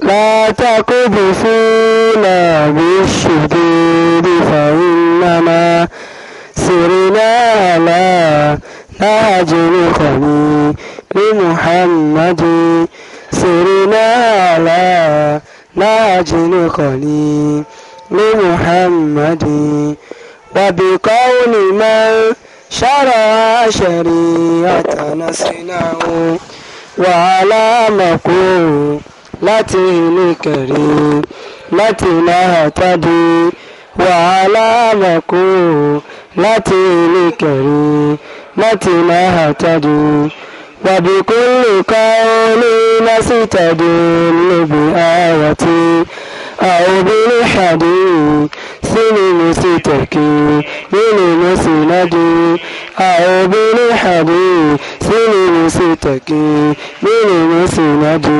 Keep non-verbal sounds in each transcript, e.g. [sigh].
لا تقذفونا بالشديد فإنما سرنا على نهج خليل لمحمد سرنا على نهج خليل لمحمد وبقول من شرع شريعة نسرناه وعلى مقول láti inú kẹrì láti náà tàbí wàhálà àmàkù láti inú kẹrì láti di, tàbí wàbíkúlù káwọlé lásìtàdé níbi àwàtí àwòbílẹ̀ ṣàdé sínú mo sì tẹ̀kí nínú mo sì nádé àwòbílẹ̀ ṣàdé sínú mo sì tẹ̀kí nínú mo sì nádé.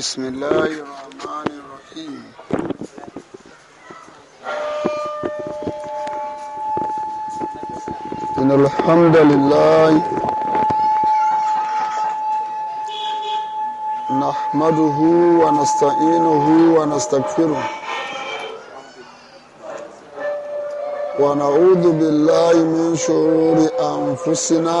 بسم الله الرحمن الرحيم إن الحمد لله نحمده ونستعينه ونستغفره ونعوذ بالله من شرور أنفسنا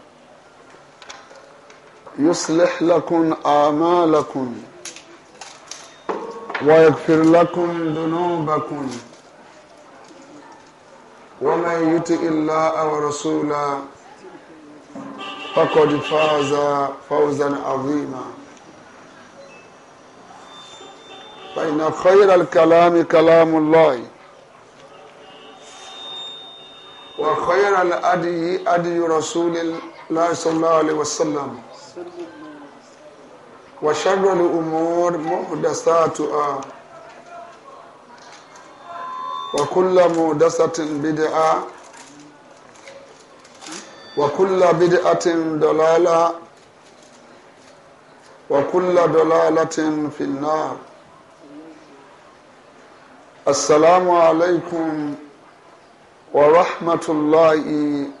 يصلح لكم اعمالكم ويغفر لكم ذنوبكم ومن يطع الله ورسوله فقد فاز فوزا عظيما فان خير الكلام كلام الله وخير الأدي أدي رسول الله صلى الله عليه وسلم وشر الأمور محدثاتها وكل محدثة بدعة وكل بدعة ضلالة وكل ضلالة في النار السلام عليكم ورحمة الله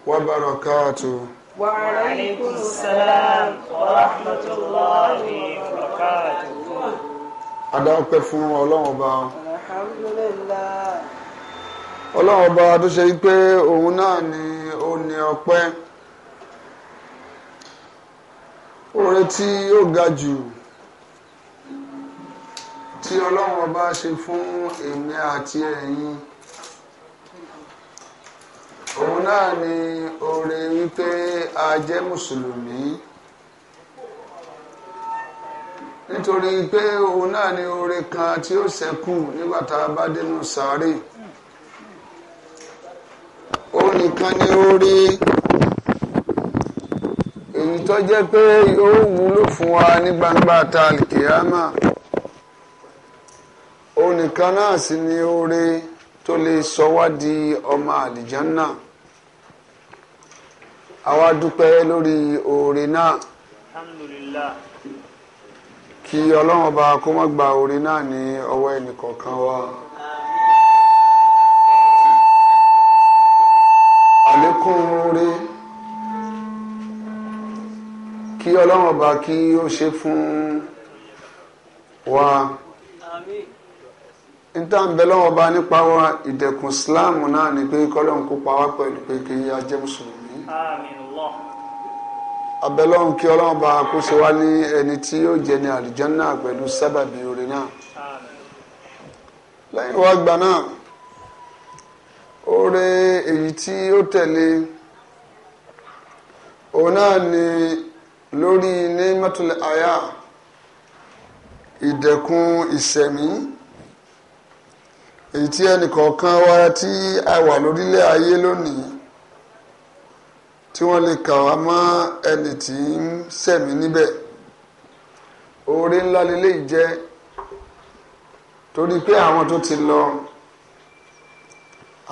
وبركاته وعليكم السلام ورحمة الله وبركاته adáwọ́pẹ́ fún ọlọ́run ọba ọlọ́run ọba tó ṣe pé òun náà ni ó ní ọpẹ́ oore tí ó ga jù tí ọlọ́run ọba ṣe fún èmi àti ẹ̀yin. E òun náà ni oore wípé a jẹ́ mùsùlùmí nítorí pé òun náà ni oore kan tí ó ṣẹ́kù nígbà tá a bá dénú sáré òun nìkan ni oore èyí tó jẹ́ pé yóò wúlò fún wa ní gbangba ta àlìkèyàmà òun nìkan náà sì ni oore tó lè sọ wá di ọmọ àlìjánná àwa dúpẹ́ lórí oore náà alhamdulillah kí ọlọ́run ọba kó má gba oore náà ní ọwọ́ ẹnìkọ̀ọ̀kan wa. àlékún oore kí ọlọ́run ọba kí ó ṣe fún wa. níta ń bẹ lọ́wọ́ bá nípa wa ìdẹ̀kùn Islam náà ni pé kọ́lọ́hún kó pa wá pẹ̀lú pé kí a jẹ́ mùsùlùmí. abẹ́lọ́hún kí ọlọ́run bá kó ṣe wá ní ẹni tí yóò jẹ ní naa pẹ̀lú sábàbí orin náà. lẹ́yìn wá gbà náà oore èyí tí ni lórí ní àyà èyí tí ẹnìkọ̀ọ̀kan wa tí a wà lórílẹ̀ ayé lónìí tí wọ́n lè kà wá mọ́ ẹni tí ń sẹ̀mí níbẹ̀ oore ńlá lélẹ́yìí jẹ́ torí pé àwọn tó ti lọ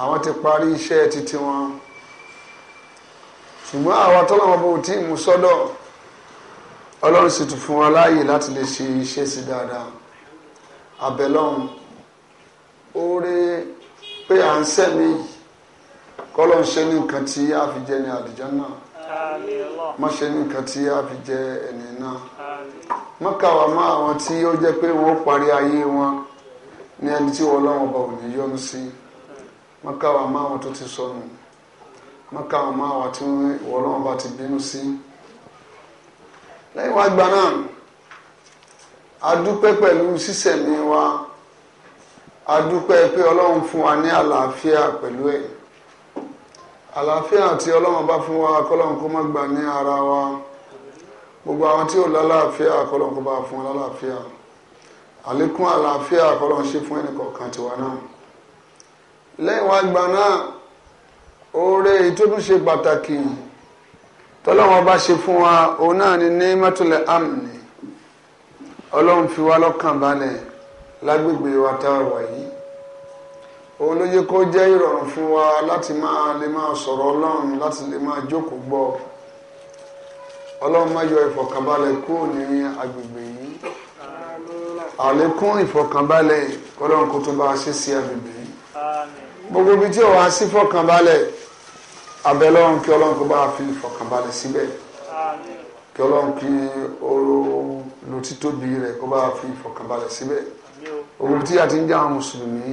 àwọn ti parí iṣẹ́ títí wọn ṣùgbọ́n àwa tọ́lọ́mọbó tí mú sọ́dọ̀ ọlọ́run sì tún fún wa láàyè láti lè ṣe iṣẹ́ sí dáadáa abẹ́lọ́run o pé à ń sẹ́mi yìí kọ́lọ́ ń ṣe ní nǹkan tí a fi jẹ ní àdìjọ́ náà má ṣe ní nǹkan tí a fi jẹ náà má kàwá má àwọn tí ó jẹ́ pé wọ́n parí ayé wọn ní ẹni tí wọ́n lọ́wọ́ bá òní yọ́nu sí má kàwá má àwọn tó ti sọnù má kàwá má àwọn tí wọ́n lọ́wọ́ bá ti bínú sí. lẹ́yìn wá gbà a dúpẹ́ pẹ̀lú sísẹ̀mí wa. Si adúpẹ́ pé ọlọ́run fún wa ní àlàáfíà pẹ̀lú ẹ̀ àlàáfíà tí ọlọ́run bá fún wa kọ́lọ́run kó má gbà ní ara wa gbogbo àwọn tí ò lálàáfíà kọ́lọ́run kó bá fún wa lálàáfíà àlékún àlàáfíà kọ́lọ́run ṣe fún ẹnì kọ̀ọ̀kan tiwa náà lẹ́yìn wá gbà náà oore ìtúndúnṣe pàtàkì tọ́lọ́wọ́n bá ṣe fún wa òun náà ni ní mẹ́tòlẹ̀ amni ọlọ́run fi wá lọ́kàn balẹ̀ lágbègbè wa tá a wà yìí òun ló yẹ kó jẹ́ ìrọ̀rùn fún wa láti máa lè máa sọ̀rọ̀ ọlọ́run láti lè máa jókòó gbọ́ ọlọ́run má yọ ìfọ̀kànbalẹ̀ kúrò ní agbègbè yìí àlékún ìfọ̀kànbalẹ̀ ọlọ́run kó tó bá a ṣe sí agbègbè yìí gbogbo ibi tí òun á sí fọ̀kànbalẹ̀ abẹ́lọ́run kí ọlọ́run kó bá a fi ìfọ̀kànbalẹ̀ síbẹ̀ kí ọlọ́run kí oró lu títóbi rẹ̀ kó bá a fi ìfọ̀kànbalẹ̀ síbẹ̀ òwò tí a ti ń jẹ́ àwọn mùsùlùmí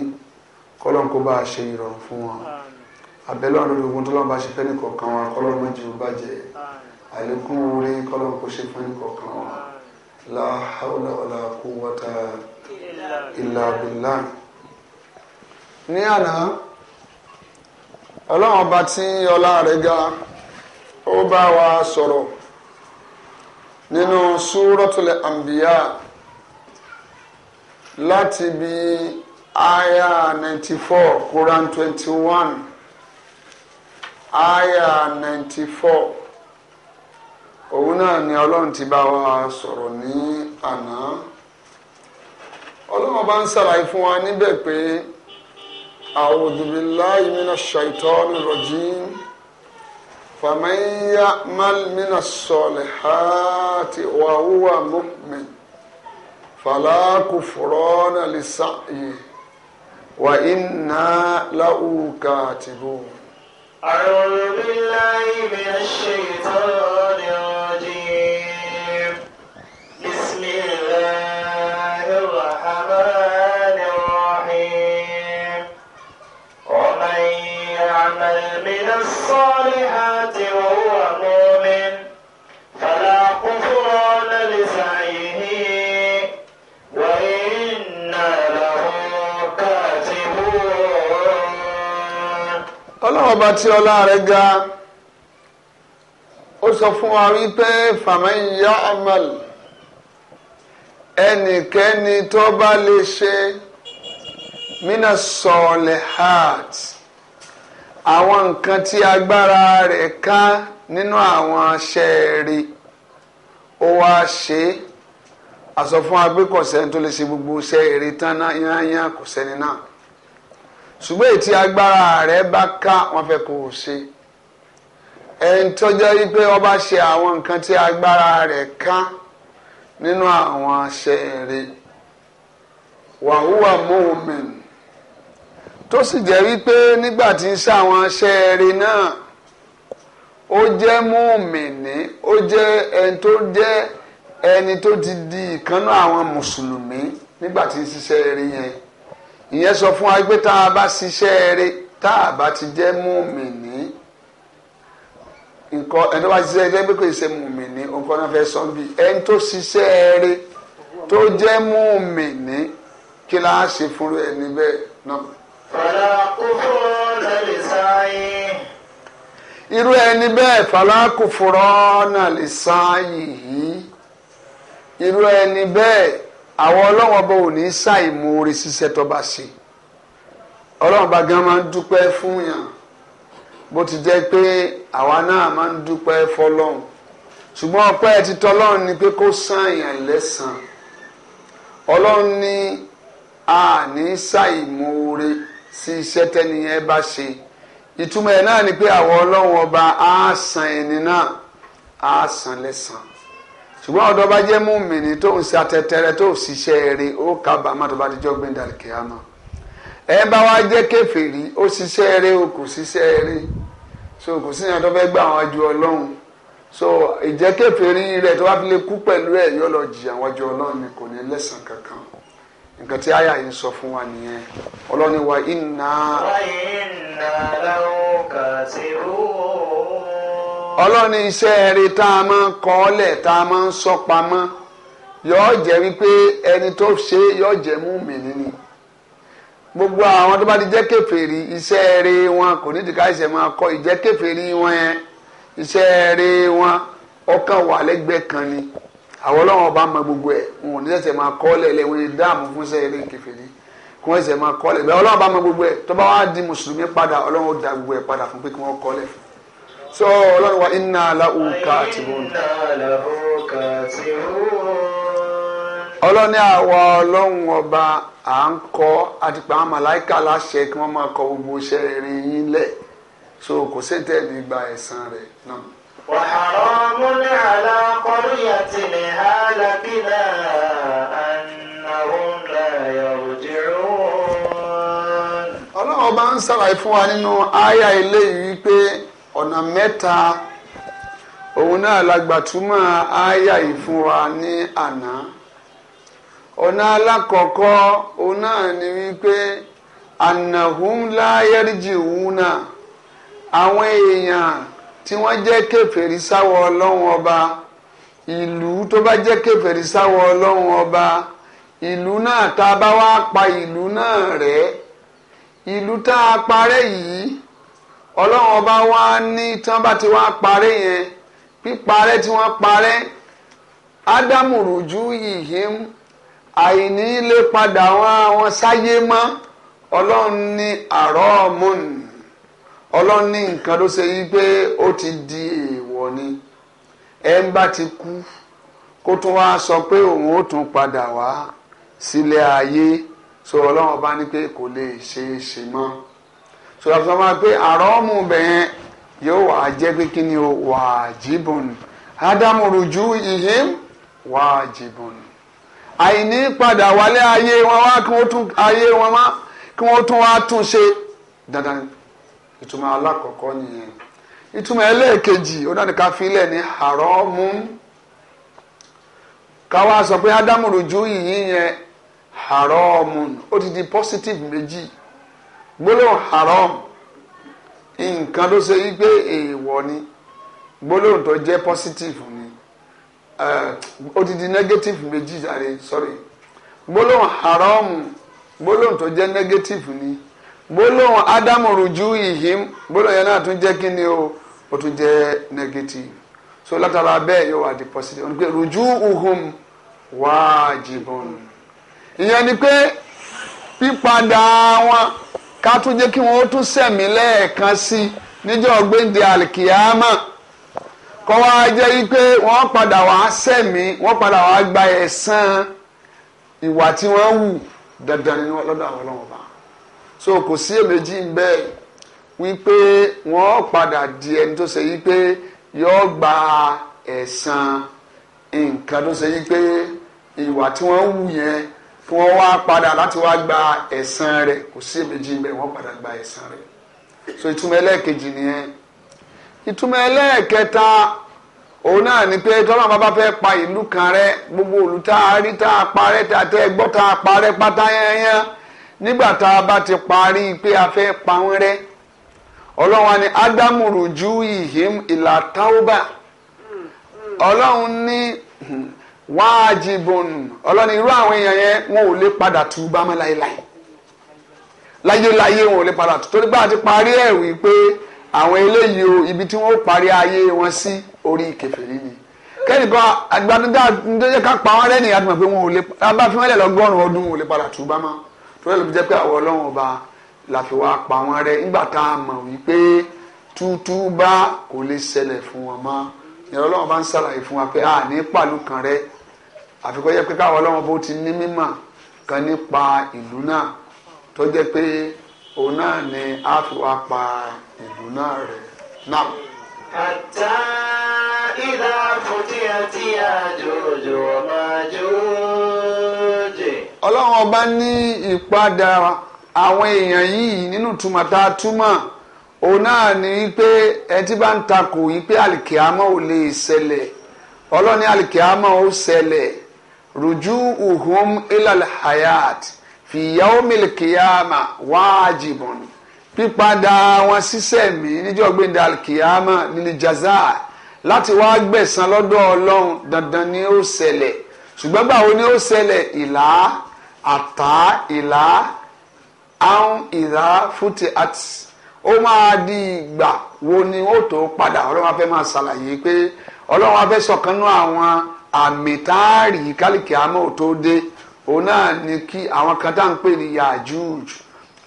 kọ́lọ́n kó bá a ṣe ìrọ̀rùn fún wọn abẹ́lẹ́ àwọn ológun tó lọ́n bá ṣe fẹ́ni kọ̀ọ̀kan wọn kọ́lọ́n mọ́jú bàjẹ́ àlékún orí kọ́lọ́n kó ṣe fẹ́ni kọ̀ọ̀kan wọn la hawla wala quwwata ní àná ọlọ́run ọba tí ọlá rẹ̀ ga ó bá wa sọ̀rọ̀ nínú súrọ́tulẹ̀ àǹbíyá láti bí aya ninety four Quran twenty one aya ninety four òun náà ni ọlọ́run ti bá wa sọ̀rọ̀ ní àná ọlọ́run bá ń ṣàlàyé fún wa níbẹ̀ pé a'udhu billahi minash shaitanir rajim faman ya'mal minas solihati wa huwa mu'min فلا كفران للسعي وإنا له كاتبون أعوذ بالله من الشيطان الرجيم بسم الله الرحمن الرحيم ومن يعمل من الصالحات وهو مؤمن فلا كفران لسعيه ọlọ́run ọba tí ọlá rẹ̀ ga ó sọ fún wa wípé faman ya'mal ẹnikẹ́ni tó bá lè ṣe mina solihat àwọn nǹkan tí agbára rẹ̀ ká nínú àwọn aṣẹ́ rí ó wá ṣe é àsọ fún wa tó lè ṣe gbogbo iṣẹ́ èrè tán náà yányá kò sẹ́ni náà ṣùgbọ́n ètí agbára rẹ̀ bá ká wọ́n fẹ́ kó o ṣe ẹni tó jẹ́ wípé wọ́n bá ṣe àwọn nǹkan tí agbára rẹ̀ ká nínú àwọn aṣẹ rẹ̀ wàhúwà mu'min tó sì jẹ́ wípé nígbà tí ń ṣe àwọn aṣẹ rẹ̀ náà ó jẹ́ mùmìnì ó jẹ́ ẹni tó jẹ́ ẹni tó ti di ìkànnú àwọn mùsùlùmí nígbà tí ń ṣiṣẹ́ rẹ̀ yẹn ìyẹn sọ fún wa pé tá a bá ṣiṣẹ́ rẹ tá a bá ti jẹ́ mùmìnì nǹkan ẹni tó bá ṣiṣẹ́ ẹgbẹ́ pé kò ṣe mùmìnì nǹkan náà fẹ́ sọ bí ẹni tó ṣiṣẹ́ rẹ tó jẹ́ mùmìnì kí la ṣe fún ẹni bẹ́ẹ̀ náà. fàlà kókó lẹ́lẹ̀ sáyé. irú ẹni bẹ́ẹ̀ fàlà kófòrọ́ náà lè sáyé yìí irú ẹni bẹ́ẹ̀ àwọn ọlọ́wọ́n bá ò ní ṣàì mú orí ṣiṣẹ́ tó bá ṣe ọlọ́wọ́n bá gan máa ń dúpẹ́ fún yàn bó ti jẹ́ pé àwa náà máa ń dúpẹ́ fọlọ́hún ṣùgbọ́n ọpẹ́ ti tọ́lọ́run ni pé kó san lẹ́sàn-án ọlọ́run ní a ní ṣàì mú orí sí iṣẹ́ tẹ́niyẹn bá ṣe ìtumọ̀ ẹ̀ náà ni pé àwọn ọlọ́run ọba á san ẹni náà á san lẹ́sàn-án ṣùgbọ́n ọ̀dọ́ bá jẹ́ múmìnì tó ń ṣe atẹ́tẹ́rẹ́ tó ṣiṣẹ́ rẹ̀ ó kábàámọ̀ tó bá ti jọ́ gbẹ̀ndàlì kìámà ẹ bá wá jẹ́ kèfèrí ó ṣiṣẹ́ rẹ̀ ó kò ṣiṣẹ́ rẹ̀ so kò sí ìyàn tó fẹ́ gbà àwọn ju ọlọ́run so ìjẹ́ kèfèrí rẹ̀ tó bá fi lè kú pẹ̀lú ẹ̀ yóò lọ jì àwọn ju ọlọ́run ni kò ní lẹ́sàn kankan nǹkan tí àyà yìí sọ fún wa nìyẹn ọlọ́run wa inna. wa inna law kasirun ọlọ́run ní iṣẹ́ eré tá a máa ń kọ́ ọ́lẹ̀ tá a máa ń sọ pamọ́ yọ̀ọ́ jẹ́ wípé ẹni tó ṣe yọ̀ọ́ jẹ́ mú mi nínú gbogbo àwọn tó bá ti jẹ́ kèfèrí iṣẹ́ eré wọn kò ní ìdíkà ìṣẹ̀ máa kọ́ ìjẹ́ kèfèrí wọn yẹn iṣẹ́ eré wọn ọkàn wà lẹ́gbẹ̀ẹ́ kan ni àwọn ọlọ́run ọba mọ gbogbo ẹ̀ wọn ò ní ṣẹ̀ṣẹ̀ máa kọ́ ọ́lẹ̀ lẹ́wọ̀n dáàmú fún iṣẹ́ eré kèfèrí kí wọ́n ṣẹ̀ṣẹ̀ máa kọ́ ọ́lẹ̀ bẹ́ẹ̀ ọlọ́run ọba mọ gbogbo ẹ̀ tó bá wá di mùsùlùmí padà ọlọ́run ó da gbogbo ẹ̀ padà fún pé kí wọ́n kọ́ ọ́lẹ̀ fún so ọlọ́run wa iná lahu katibun. ọlọ́run ọlọ́run ọba à ń kọ́ àti pé àwọn màláìka láṣẹ kí wọ́n máa kọ gbogbo iṣẹ́ rere yín lẹ̀ so kò séńtẹ́ ní gba ẹ̀san rẹ̀ náà. ọlọ́run ọba ń fún wa nínú àyà ọ̀nà mẹ́ta òun náà la gbàtúmọ̀ ááyà yìí fún wa ní àná ọ̀nà alákọ̀ọ́kọ́ òun náà ni wípé ànàhùn láyẹ́rìjì òun náà àwọn èèyàn tí wọ́n jẹ́ kèfèrí sáwọ́ ọlọ́run ọba ìlú tó bá jẹ́ kèfèrí sáwọ́ ọlọ́run ọba ìlú náà tá a bá wá pa ìlú náà rẹ́ ìlú tá a parẹ́ yìí ọlọ́run ọba wa ní tán bá ti wá parẹ́ yẹn píparẹ́ tí wọ́n parẹ́ ádámù rùjú yìhìm àìní lè padà wọn àwọn sáyé mọ́ ọlọ́run ní àrọ́ mọ́n ọlọ́run ní nǹkan ló ṣe yí pé ó ti di èèwọ̀ ni ẹ ń bá ti kú kó tún wá sọ pé òun ó tún padà wá sílé ayé sọ ọlọ́run ọba ní pé kò lè ṣe é ṣe mọ́ sọlá sọ ma pé àrọ́ọ̀mù bẹ̀yẹn yóò wà á jẹ́ pé kí ni o wà á jìbọn ádámù rùjú ìhìm wà á jìbọn àìní padà wálé ayé wọn wá kí wọ́n tún ayé wọn wá kí wọ́n tún wá tún ṣe dandan ìtumọ̀ alákọ̀ọ́kọ́ nìyẹn ìtumọ̀ ẹlẹ́ẹ̀kejì ó dáni ká filẹ̀ ní àrọ́ọ̀mù sọ pé ádámù rùjú ìhìn yẹn àrọ́ọ̀mù ó ti di positive méjì. gbólóhùn haram nǹkan ló ṣe wípé èèwọ̀ ni gbólóhùn tó jẹ́ positive ni eh, odidi negative méjì jàre sorry gbólóhùn haram gbólóhùn tó jẹ́ negative ni gbólóhùn ádámù rújú ìhìm gbólóhùn yẹn náà tún jẹ́ kí ni o ó jẹ́ negative so látara bẹ́ẹ̀ yóò di positive pé rújú uhum ni pé pípadà ká tún jẹ́ kí wọ́n tún sẹ̀mí lẹ́ẹ̀kan sí níjọ́ gbéǹde àlìkìyámà kọ́ wá jẹ́ wípé wọ́n padà wá sẹ̀mí wọ́n padà wá gba ẹ̀san ìwà tí wọ́n wù dandan ni lọ́dọ̀ àwọn ọlọ́wọ́n bá so kò sí èméjì ń bẹ́ẹ̀ wípé wọ́n padà di ẹni tó ṣe wípé yóò gba ẹ̀san nǹkan tó ṣe wípé ìwà tí wọ́n wù yẹn kí wọ́n wá padà láti wá gba ẹ̀san rẹ̀ kò sí èméjì bẹ́ẹ̀ wọ́n padà gba ẹ̀san rẹ̀ so ìtumọ̀ ẹlẹ́ẹ̀kejì nìyẹn ìtumọ̀ ẹlẹ́ẹ̀kẹta òun náà ni pé tọ́lá bàbá fẹ́ pa ìlú kan rẹ gbogbo òlù tá a rí tá a parẹ́ tá a tẹ́ gbọ́ tá a parẹ́ pátá yẹnyẹn nígbà tá a bá ti parí pé a fẹ́ pa wọ́n rẹ́ ọlọ́run ni ádámùrù ju ìhìm ìlà táwọ́bà ọlọ́run ní hmm, wájibun ọlọ́ni irú àwọn èèyàn yẹn wọn ò lè padà túbá mọ́ láéláé láyéláyé wọn ò lè padà tó torí gbà ti parí ẹ̀ wí pé àwọn eléyìí o ibi tí wọ́n parí ayé wọn sí orí kèfèrí ni kẹ́nìkan àgbàdúgbà nítorí ká pa wọn lẹ́nìí àti mọ̀ pé wọn ò lè bá fi wọn lẹ̀ lọ́gọ́rùn-ún ọdún wọn ò lè padà túbá mọ́ tó lè lọ jẹ́ pé àwọn ọlọ́run ọba la pa wọn rẹ́ nígbà tá a mọ̀ wípé tútúbá kò lè ṣẹlẹ̀ fún wọn mọ́ ìrọ̀lọ́run bá ń ṣàlàyé fún wa pé a ní pàlú kan rẹ́ àfikún yẹ pé káwọn ọlọ́run bó ti ní mímọ̀ kan nípa ìlú náà tó jẹ́ pé òun náà ni a fi wá pa ìlú náà rẹ̀ náà. Àtà ìdá fòtí àti àjòjò ọmọ àjòjì. Ọlọ́run ọba ní ìpadà àwọn èèyàn yìí nínú túmọ̀ tá a túmọ̀ òun náà ní pé ẹ ti bá ń takò yìí pé àlìkìámọ́ ò lè ṣẹlẹ̀ ọlọ́ni àlìkìámọ́ ó ṣẹlẹ̀ rujuuhum ilal hayat fi yawmil qiyama wajibun pípadà wọn sísẹ̀ mí níjọ́ gbẹ̀dẹ̀ alkiyama lílì jaza láti wá gbẹ̀san lọ́dọ̀ ọlọ́run dandan ni ó ṣẹlẹ̀ ṣùgbọ́n báwo ni ó ṣẹlẹ̀ ìlà àtà ìlà àwọn ìlà fúti àti ó máa di ìgbà wo ni ó tó padà ọlọ́run afẹ́ máa ṣàlàyé pé ọlọ́run afẹ́ sọ̀kan nú àwọn àmì táàrí kálíkì àmọ́ ò tó dé òun náà ni kí àwọn kan tá à ń pè ní Yajuj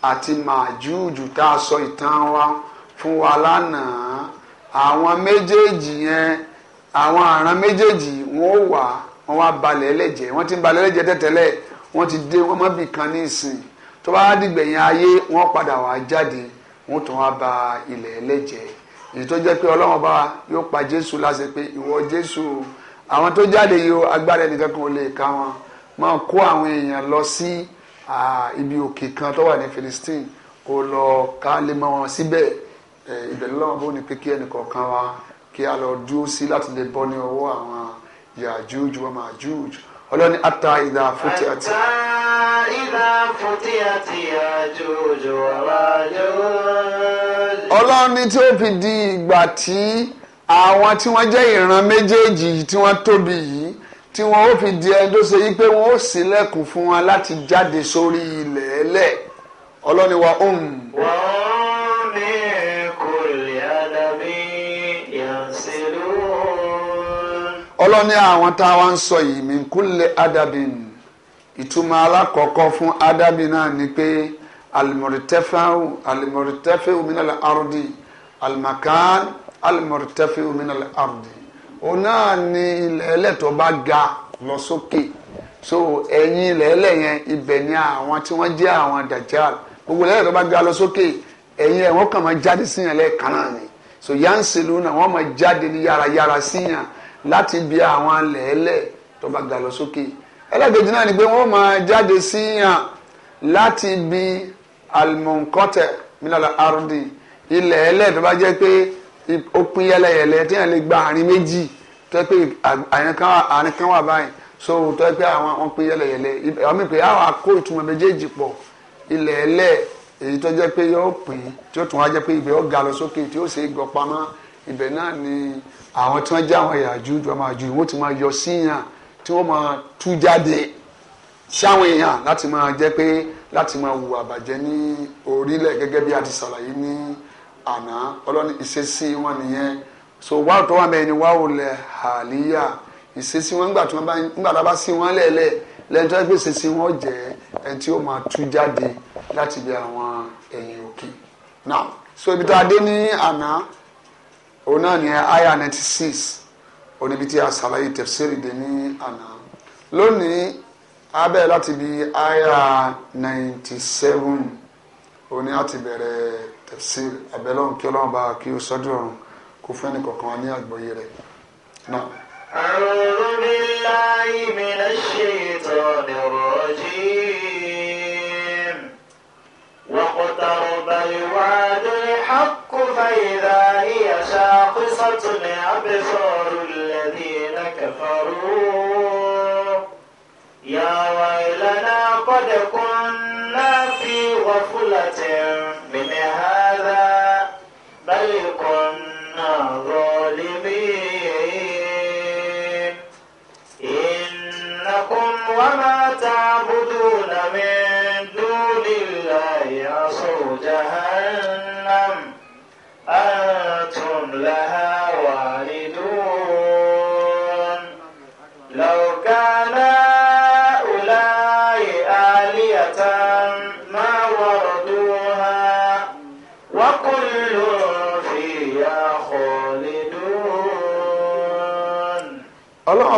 àti Majuj tá a sọ ìtàn wa fún wa lánàá àwọn méjèèjì yẹn àwọn àràn méjèèjì wọn ò wà wọn wá balẹ̀ ẹlẹ́jẹ̀ wọ́n ti ń balẹ̀ ẹlẹ́jẹ̀ tẹ́tẹ́lẹ̀ wọ́n ti dé wọ́n mọ́ bì kan ní ìsìn tó bá dìgbẹ̀yìn ayé wọ́n padà wá jáde wọ́n tún wá ba ilẹ̀ ẹlẹ́jẹ̀ èyí tó jẹ́ pé Ọlọ́run bá yóò pa Jésù láṣẹ pé ìwọ Jésù o àwọn tó jáde yìí o agbára ẹnìkan kan ò lè ka wọn máa kó àwọn èèyàn lọ sí ibi òkè kan tó wà ní Philistine kó lọ ká lè mọ wọn síbẹ̀ ìbẹ̀rẹ̀ lọ́wọ́ bó ni pé kí ẹnìkọ̀ọ̀kan wa kí a lọ dúró sí láti lè bọ́ ní ọwọ́ àwọn Yàjúj wa Màjúj ọlọ́ni ata ìdá fúti àti. ata ìdá fúti àti Yàjúj wa Màjúj. ọlọ́ni tí ó fi di ìgbà tí àwọn tí wọ́n jẹ́ ìran méjèèjì tí wọ́n tóbi yìí tí wọ́n ó fi di ẹni tó ṣe yí pé wọ́n ó ṣílẹ̀kùn fún wọn láti jáde sórí ilẹ̀ ẹlẹ̀ ọlọ́ni wa um. ọlọ́ni àwọn tá a wá ń sọ yìí mi kú ìtumọ̀ alákọ̀ọ́kọ́ fún àdàbí náà ni pé alimọ̀rìtẹ́fẹ́ alimọ̀rìtẹ́fẹ́ omi náà lè arúndì alimakan alimọ̀tẹ́fẹ́ ominal ardi òun náà ni ilẹ̀ ẹlẹ́tọ̀ bá ga lọ sókè so ẹ̀yìn ilẹ̀ ẹlẹ́yẹn ibẹ̀ ni àwọn tí wọ́n jẹ́ àwọn dajal gbogbo ilẹ̀ ẹlẹ́tọ̀ bá ga lọ sókè ẹ̀yìn ẹ̀ wọ́n kàn máa jáde sí yàn lẹ́ẹ̀kan náà ni so yansilu náà wọ́n máa jáde ní yàrá-yàrá sí yàn láti bí àwọn lẹ́ẹ̀lẹ́ tó bá ga lọ sókè ẹlẹ́gbẹ̀jì náà ni pé wọ́n máa jáde sí yàn láti bí alimonkọ́tẹ̀ mílíọ̀nù ardi ilẹ̀ ẹlẹ́ẹ̀ tó bá jẹ́ pé ó pín yẹlẹyẹlẹ tí yẹn lè gba àárín méjì tó yẹ pé àárín kan wà báyìí so tó yẹ pé àwọn wọn pín yẹlẹyẹlẹ àwọn mi pé ah, àwọn akó ìtumọ̀ méjèèjì pọ̀ ilẹ̀ ẹlẹ̀ èyí tó jẹ́ pé yóò pín tí ó tún wá jẹ́ pé ibẹ̀ ó ga lọ sókè tí ó sì gọ pamọ́ ibẹ̀ náà ni àwọn tí wọ́n jẹ́ àwọn ìyàjú tí wọ́n ju wọ́n ti máa yọ síyàn tí wọ́n máa tú jáde sáwọn èèyàn láti máa jẹ́ pé láti máa hùwà bàjẹ́ ní orílẹ̀ gẹ́gẹ́ bí a ti ṣàlàyé ní ana ọlọ́ni ìsesí wọn nìyẹn so tó wà ni hàlíyà wọn nígbà tí wọn bá nígbà a bá sí wọn lẹ́ẹ̀lẹ́ lẹ́yìn tó yẹ wọn jẹ ẹ tí ó máa tú jáde láti bí àwọn ẹ̀yìn òkè so ibi a dé ní òun náà nìyẹn aya tí a tẹ̀síìrì dé ní lónìí abẹ́ láti bí aya ninety seven òun ni tafsir abẹ́lọ́run kí ọlọ́run bá kí ó sọ́dún ọ̀run kó fún ẹnì kọ̀ọ̀kan ní àgbọ́yé rẹ̀ náà. أعوذ بالله من الشيطان الرجيم واقترب الوعد الحق فإذا هي شاخصة أبصار الذين كفروا يا ويلنا قد كنا غفلة من هذا بل كنا ظالمين إنكم وما تعبدون من دون الله عصر جهنم أنتم لها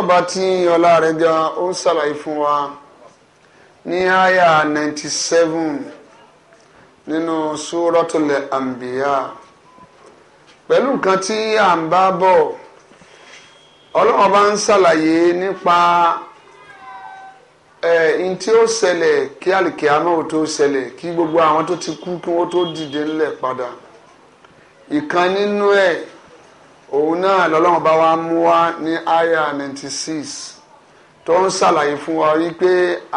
ọba tí ọlá rẹ̀ ga ó ṣàlàyé fún wa ní àyà 97 nínú Suratul Anbiya pẹ̀lú nǹkan tí à ń bá bọ̀ ọlọ́ọ̀bá ń ṣàlàyé nípa ẹ̀ẹ́n tí ó ṣẹlẹ̀ kí àlìkìyámọ̀ ò tó ṣẹlẹ̀ kí gbogbo àwọn tó ti kú kí wọ́n tó dìde ńlẹ̀ padà ìkan nínú ẹ̀. E, òun náà lọ́lọ́run bá wa mú wá ní aya ninety six tó ń ṣàlàyé fún wa wípé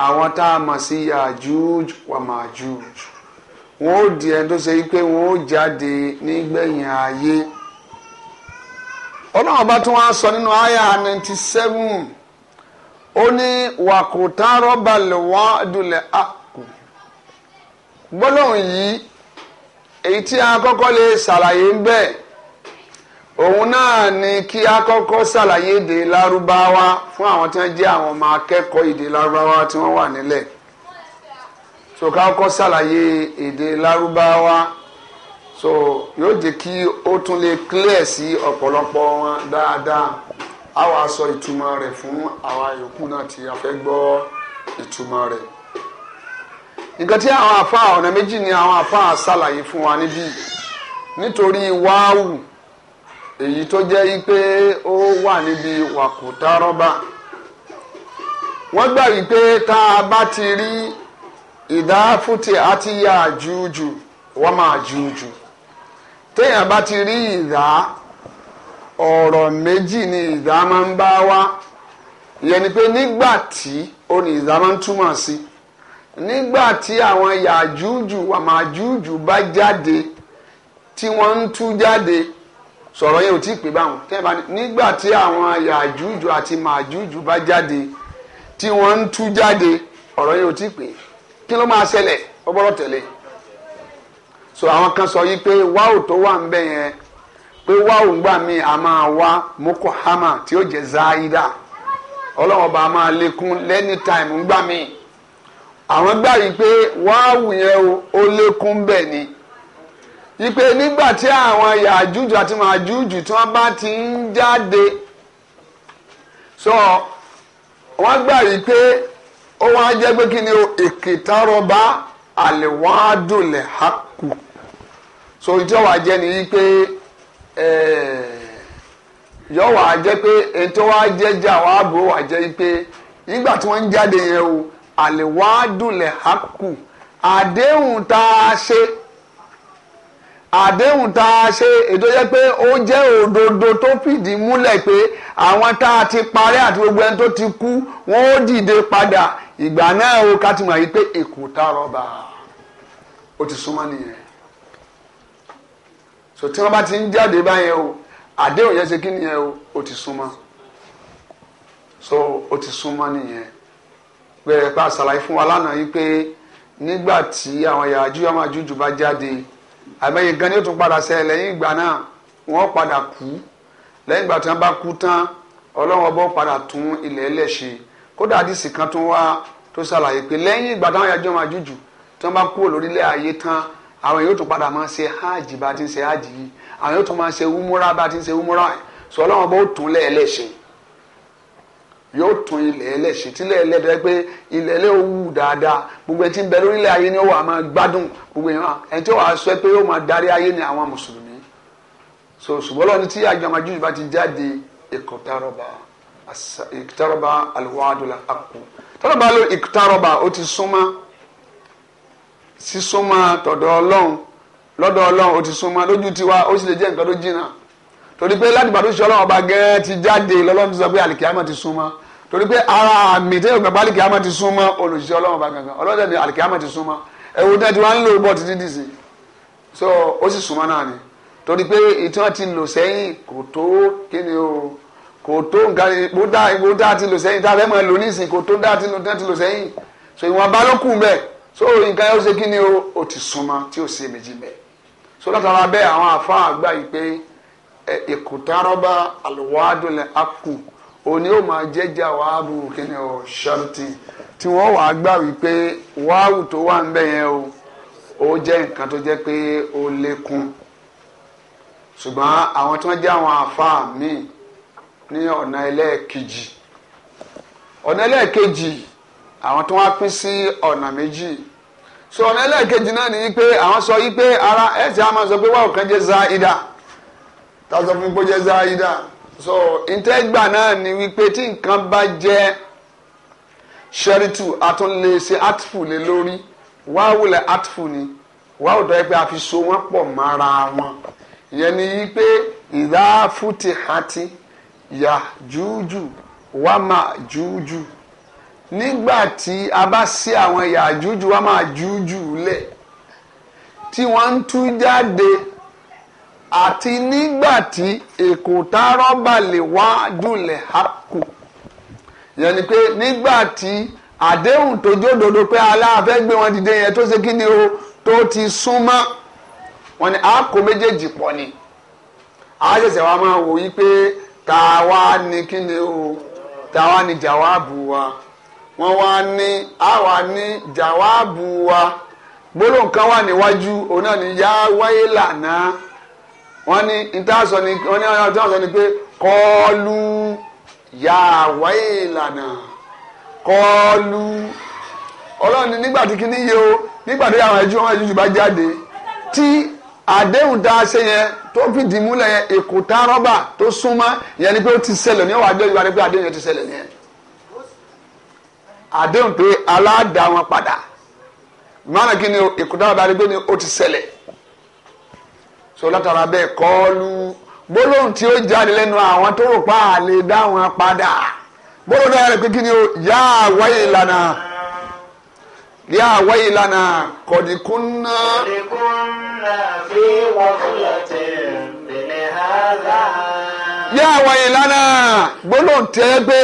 àwọn tá a mọ̀ sí Yàjúj wà má Màjúj wọn ó di ẹni tó ṣe wípé wọn ó jáde nígbẹ̀yìn ayé ọlọ́run bá tún wá sọ nínú aya ninety seven ó ní wàkùtà rọ́bà lẹ́wọ́n dùlẹ̀ àkù gbólóhùn yìí èyí tí a kọ́kọ́ lè ṣàlàyé ń bẹ́ẹ̀. òun náà ni kí a kọ́kọ́ ṣàlàyé èdè lárúbáwá fún àwọn tí wọ́n jẹ́ àwọn ọmọ akẹ́kọ̀ọ́ èdè lárúbáwá tí wọ́n wà nílẹ̀ so ká kọ́kọ́ ṣàlàyé èdè lárúbáwá so yóò jẹ́ kí ó tún lè clear sí ọ̀pọ̀lọpọ̀ wọn dáadáa a wá sọ ìtumọ̀ rẹ̀ fún àwa yòókù náà tí a fẹ́ gbọ́ ìtumọ̀ rẹ̀ nǹkan tí àwọn àfa ọ̀nà méjì ni àwọn àfa ṣàlàyé fún wa níbí nítorí wáwù. Wow èyí tó jẹ́ pé ó wà níbi wàkùtà rọ́bà wọ́n gbà wípé tá a bá ti rí ìdáfútì àti yà jújù wọ́n máa jújù téèyàn bá ti rí ìdá ọ̀rọ̀ méjì ni ìdá máa ń bá wá ìyẹn ni pé nígbà tí ó ní ìdá máa ń túmọ̀ sí nígbà tí àwọn yà jújù wà máa jújù bá jáde tí wọ́n ń tú jáde sọ̀rọ̀ yẹn ò tí ì pé báwọn tẹ́ẹ̀bá nígbà tí àwọn yàjújù àti màjújù bá jáde tí wọ́n ń tú jáde ọ̀rọ̀ yẹn ò tí ì pé kí ló máa ṣẹlẹ̀ ọgbọ́rọ̀ tẹ̀lé so àwọn kan sọ yìí pé wáò tó wà ń bẹ̀ yẹn pé wáò ń gbà mí a máa wá moko hama tí ó jẹ́ zaida ọlọ́wọ́n bá a máa lékún lẹ́ni táìmù ń gbà mí àwọn gbà yìí pé wáò yẹn o ó lékún bẹ́ẹ̀ ni ipe nígbà tí àwọn yàjújù àti màjújù tí wọ́n bá ti ń jáde so wọ́n gbà yìí pé ó wá jẹ́ pé kí ni o ìkìtàrọ̀bá àlèwádùnlẹ̀ hákù so ìtí wa je ni wípé yọ wà jẹ́ pé ètò tó wá jẹ́ àwọn ààbò wà jẹ́ wípé nígbà tí wọ́n ń jáde yẹn o àlèwádùnlẹ̀ hákù àdéhùn tá a àdéhùn tá a ṣe ètò yẹ pé ó jẹ́ òdodo tó fìdí múlẹ̀ pé àwọn tá a ti parí àti gbogbo ẹni tó ti kú wọn ó dìde padà ìgbà náà o ká ti mọ̀ yìí pé èkúta rọ́bà ó ti súnmọ́ nìyẹn so tí wọ́n bá ti ń jáde báyẹn o àdéhùn yẹn ṣe kí nìyẹn o ó ti súnmọ́ so ó ti súnmọ́ nìyẹn gbẹ̀rẹ̀ pa àṣàlàyé fún wa lánàá yìí pé nígbà tí àwọn Yájúj àmàjúj bá jáde àmọye gan ni ó tún padà ṣẹ lẹ́yìn ìgbà náà wọ́n padà kú lẹ́yìn ìgbà tí wọ́n bá kú tán ọlọ́run ọbọ̀ padà tún ilẹ̀ ẹlẹ́ṣẹ̀ kódà àdìsí kan tún wá tó ṣàlàyé pé lẹ́yìn ìgbà táwọn yàjọ́ máa jújù tí wọ́n bá kúrò lórílẹ̀ ayé tán àwọn yóò tún padà máa ṣe hajj bá ti ń ṣe hajj yìí àwọn yóò tún máa ṣe umura bá ti ń ṣe umura sọ ọlọ́run ọbọ̀ ó tún lẹ́ẹ̀lẹ́ṣẹ̀ yóò tún ilẹ̀ ẹlẹ́ṣẹ̀ tílẹ̀ ẹlẹ́dẹ́ pé ilẹ̀ ẹlẹ́ owó dáadáa gbogbo ẹtí ń bẹ lórílẹ̀ ayé ni ó wà máa gbádùn gbogbo yẹn máa ẹni tí ó wàá sọ pé ó máa darí ayé ni àwọn mùsùlùmí so ṣùgbọ́n lọ́ni tí àjọ àmàjú ìbá ti jáde ìkọ̀tàrọ̀bà ìkọ̀tàrọ̀bà àlùwádùlà àkù tọ́lọ́bà ló ìkọ̀tàrọ̀bà ó ti súnmọ́ sísúnmọ́ tọ̀dọ̀ ọlọ́run lọ́dọ̀ ọlọ́run ó ti súnmọ́ lójú tiwa ó sì lè jẹ́ nǹkan tó jìnnà torí pé ládùbàdùsọ ọlọ́run ọba gẹ́ẹ́ ti jáde lọ́lọ́run ti sọ pé àlìkíyàmọ̀ ti súnmọ́ torí pé ara àmì tẹ́lẹ̀ gbàgbọ́ alìkíyàmọ̀ ti súnmọ́ olùṣiṣẹ́ ọlọ́run bá gangan ọlọ́dẹ ni alìkíyàmọ̀ ti súnmọ́ ẹ̀wù náà ti wá ń lò bọ̀ títí dìsí so ó sì súnmọ́ náà ni torí pé ìtí wọn ti lò sẹ́yìn kò tó kí ni o kò tó nǹkan ìbò dá ìbò dá ti lò sẹ́yìn tá a fẹ́ lò nísìn kò tó dá ti lò ti lò sẹ́yìn so ìwọ̀n bá ló kù bẹ́ẹ̀ so nǹkan yóò ṣe kí ni o ó ti súnmọ́ tí ò sí èméjì bẹ́ẹ̀ so látara bẹ́ẹ̀ àwọn àfáà àgbà yìí pé ẹ̀kútárọ́bà àlùwádùn lẹ́ àkù òní ó máa jẹ́jà wàhálù kíni ọ̀ ṣàrùtì tí wọ́n wàá gbà wípé wàhálù tó wà ń bẹ̀ yẹn o ó jẹ́ nǹkan tó jẹ́ pé ó lékún ṣùgbọ́n àwọn tí wọ́n jẹ́ àwọn àáfàá míì ní ọ̀nà ẹlẹ́ẹ̀kejì ọ̀nà ẹlẹ́ẹ̀kejì àwọn tó wá pín sí ọ̀nà méjì so ọ̀nà ẹlẹ́ẹ̀kejì náà ni wípé àwọn sọ ara ẹ̀sìn àwọn máa sọ pé wàhálù kan jẹ́ záídà tá a sọ fún mi jẹ́ so ìtẹ́gbà náà ni wípé tí nǹkan bá jẹ́ ṣẹ́rìtù àtúnlé ṣe àtìfù lé lórí wáá wùlẹ̀ àtìfù ni wáá wùdọ̀ ẹgbẹ́ àfi so wọ́n pọ̀ mọ́ra wọn ìyẹn ni wípé ìdáfùtì àti yà jújù wá máa jújù nígbà tí a bá sí àwọn yà jújù wá máa jújù lẹ̀ tí wọ́n ń tú jáde àti nígbà tí èkúta rọ́bà lè wá dùnlẹ̀ hákù yẹn ni pé nígbà tí àdéhùn tó jódodo pé aláàfẹ́ gbé wọn dìde yẹn tó ṣe kí ni o tó ti súnmọ́ wọn ni àkó méjèèjì pọ̀ ni àṣẹṣẹ wa máa wò yí pé ta kí ni o wá jàwáàbù wa wọn wá ní àwa ní jàwáàbù wa wà níwájú lànà. wọ́n ní ìtàsọ ni wọ́n ní ọ̀nà ìtàsọ ni pé kọ́ọ́lù yà wáyé ìlànà kọ́ọ́lù ọlọ́run ni nígbà tí kíní yé o nígbà tí àwọn ẹjú wọn ẹjú jù bá jáde tí àdéhùn tá a ṣe yẹn tó fìdí múlẹ̀ yẹn èkótá rọ́bà tó súnmọ́ yẹn ni pé ó ti ṣẹlẹ̀ ní ọ̀wá àdéhùn ìwádìí pé àdéhùn yẹn ti ṣẹlẹ̀ yẹn àdéhùn pé aládàá wọn padà mọ́nà kí ni èkótá rọ́bà rí pé ó ti ṣẹlẹ̀ so látara bẹ́ẹ̀ kọ́ọ́lù gbólóhùn tí ó jáde lẹ́nu àwọn tó rò pa àlè dá wọn padà gbólóhùn náà rẹ̀ pé kí ni o yá àwáyé ìlànà yá àwáyé ìlànà kọ̀dìkúnná. kọ̀dìkúnná fi wọ́n fúlẹ̀ tẹ̀ bẹ̀rẹ̀ hàdà. yá àwáyé ìlànà gbólóhùn tí ẹ gbé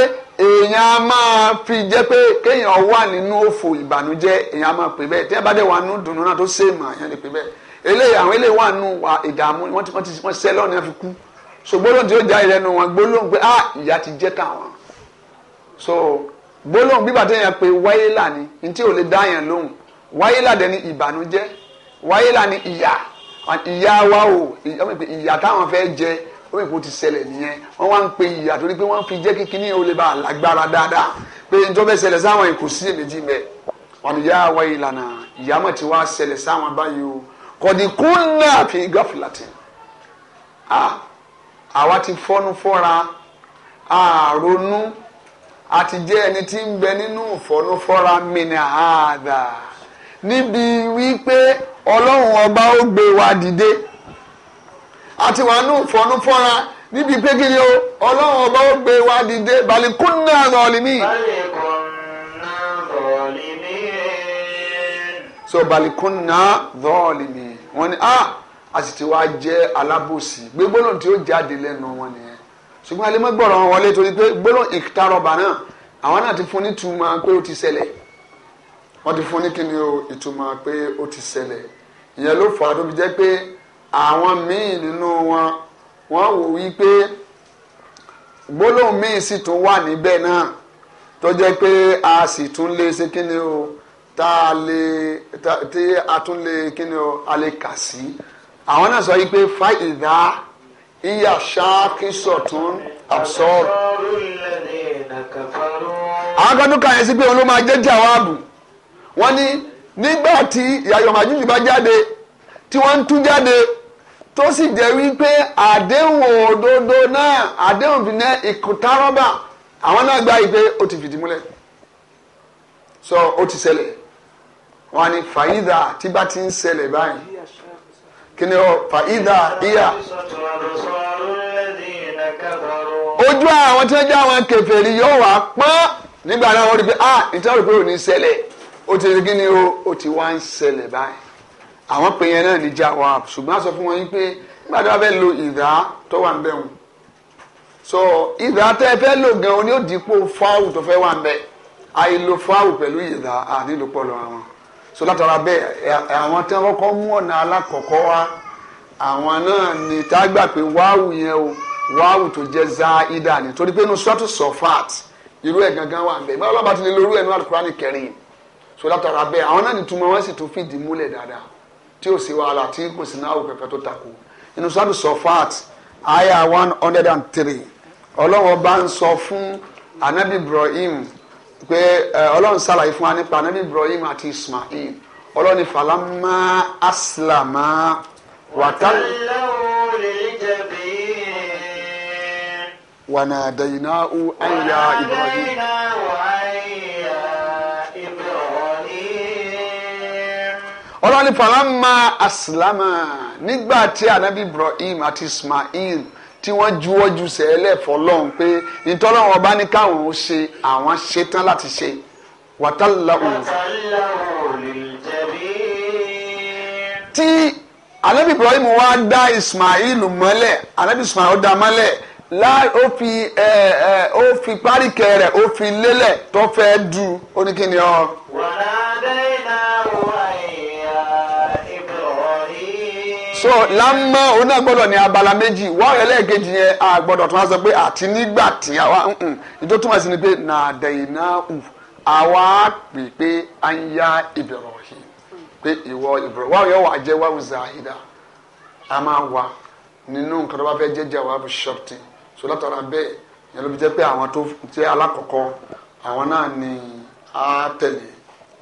èèyàn a máa fi jẹ́ pé kéèyàn wà nínú òfò ìbànújẹ́ èèyàn a máa pè bẹ́ẹ̀ tí ẹ bá dẹ̀ wà nínú dùnú náà tó ṣèèmọ̀ àyàn lè pè bẹ́ẹ̀ eléyìí àwọn eléyìí wà nù ìdààmú wọn ti wọn ti wọn sẹlọ ní wọn fi kú so gbólóhùn tí ó já ìrẹnu wọn gbólóhùn pé ah ìyá ti jẹ táwọn so gbólóhùn bíbà tó yẹn pé wáyélà ni ntí ò lè dá yẹn lóhùn wáyélà dẹ ni ìbànújẹ́ wáyélà ni ìyà ìyá wa o ìyà táwọn fẹ́ jẹ omi kò ti ṣẹlẹ̀ nìyẹn wọ́n wá ń pe ìyà torí pé wọ́n fi jẹ́ kí kíní ó lè bá lágbára dáadáa pé n tó fẹ́ ṣẹlẹ̀ sáwọn kò sí èméjì mẹ́ wọn ìyá wa ìlànà ìyá mọ̀ tí wàá ṣẹlẹ̀ sáwọn báyìí o kọ̀dí kúnnà fi a awa ti fọra a àrònú àti jẹ́ ẹni tí ti bẹ nínú ìfọ́nú fọ́ra mini aada níbi wípé ọlọ́run ọba ó gbé wa dìde àti wà nù fọ́nú fọ́ra níbi pé o ọlọ́run ọba ó gbé wa dìde balikúnnà rọ̀lìmí. balikúnnà rọ̀lìmí. wọ́n ní ah àsìtì wa jẹ́ alábòsí gbé gbólóhùn tí ó jáde lẹ́nu wọn nìyẹn ṣùgbọ́n alẹ́ mọ́ gbọ́rọ̀ wọn wọlé torí pé gbólóhùn ìtarọ̀bà náà àwọn náà ti fún ní túmọ̀ pé ó ti ṣẹlẹ̀ wọ́n ti fún ní kíni o ìtumọ̀ pé ó ti ṣẹlẹ̀ ìyẹn ló fà á tó pé àwọn míì nínú wọn wọ́n wò wí pé gbólóhùn míì sì tún wà níbẹ̀ náà tó jẹ́ pé a sì tún lè ṣe kíni o tá a lè tí a tún lè kí ni o a lè kà sí àwọn náà sọ yìí pé fa ìdá ìyá ṣáàkìsọ̀tún absorb. àwọn kan tún kà yẹn sí pé òun ló máa jẹ́ jàwáàbù wọ́n ní nígbà tí ìyàyọ̀ màjújù bá jáde tí wọ́n ń tú jáde tó sì jẹ́ wípé àdéhùn òdodo náà àdéhùn fi ná rọ́bà àwọn náà gba ìpè ó ti fìdí múlẹ̀ sọ ó ti ṣẹlẹ̀ wọ́n ní fàyídà tí bá ti ń ṣẹlẹ̀ báyìí kí ni ọ fàyídà ìyà. ojú àwọn tí wọ́n jẹ́ àwọn kèfèrí yóò wá pọ́n nígbà náà wọ́n rí pé ah ìtàn rò pé ò ní ṣẹlẹ̀ ó ti rí kí ni o ó ti wá ń ṣẹlẹ̀ báyìí àwọn pè yẹn náà ní jáwa ṣùgbọ́n a sọ fún wọn yín pé nígbà tí wọ́n fẹ́ lo ìdá tó wà ń bẹ̀ wọn so ìdá tẹ́ ẹ fẹ́ lò gan-an ni ó dìpọ̀ fáwù tó fẹ́ wà ń bẹ̀ àìlò fáwù pẹ̀lú ìdá ànílòpọ̀ lọ́ra wọn so látara bẹ́ẹ̀ àwọn tí wọ́n kọ́kọ́ mú ọ̀nà alákọ̀ọ́kọ́ wá àwọn náà ní tá pé wáwù yẹn o wáwù tó jẹ́ záídà ni torí pé inú sọ́tù sọ̀fàt irú ẹ̀ gangan wà bẹ́ẹ̀ báwo lọ́ba ti lè lórí ẹ̀nu alukurani kẹrin so látara bẹ́ẹ̀ àwọn náà nítumọ̀ wọn sì tún fìdí múlẹ̀ dáadáa tí ò sí wàhálà tí kò sí náà kẹ̀kẹ́ tó takò inú sọ́tù sọ̀fàt àyà one hundred and three ọlọ́wọ́n bá ń sọ fún anabi Ibrahim pé eh, ọlọ́run ṣàlàyé fún wa nípa anabi ibrahim àti ismail ọlọ́run ní falama asilama wàtá. وناديناه أن يا إبراهيم ọlọ́ni falama asilama nígbà tí anabi ibrahim àti ismail tí wọ́n juwọ́jú sẹ́lẹ̀ fọlọ́run pé ìtọ́lọ́run ọba ní káwọn ó ṣe àwọn ṣetán láti ṣe wàtálà òun. tí anabi ibrahim wá dá ismail mọ́lẹ̀ anabi ismail ó dá mọ́lẹ̀ láì ó fi ẹ ẹ ó fi páríkẹ rẹ̀ ó fi lélẹ̀ tó fẹ́ du ó wàhálà. so lámọ́ òun náà gbọ́dọ̀ ní abala méjì wọ́n ẹlẹ́ẹ̀kejì yẹn a tó wá sọ pé àti nígbà tí àwa ètò túmọ̀ sí ni pé nàdẹ̀yìnà ù àwa pè pé à ń ya Ibrahim pé ìwọ Ibrahim wọ́n yẹ wà jẹ́ wà wùzà àyídà a máa wà nínú nǹkan tó bá fẹ́ jẹ́jẹ́ àwọn abishọ́tì so látara bẹ́ẹ̀ yẹn ló fi jẹ́ pé àwọn tó jẹ́ alákọ̀ọ́kọ́ àwọn náà ni a tẹ̀lé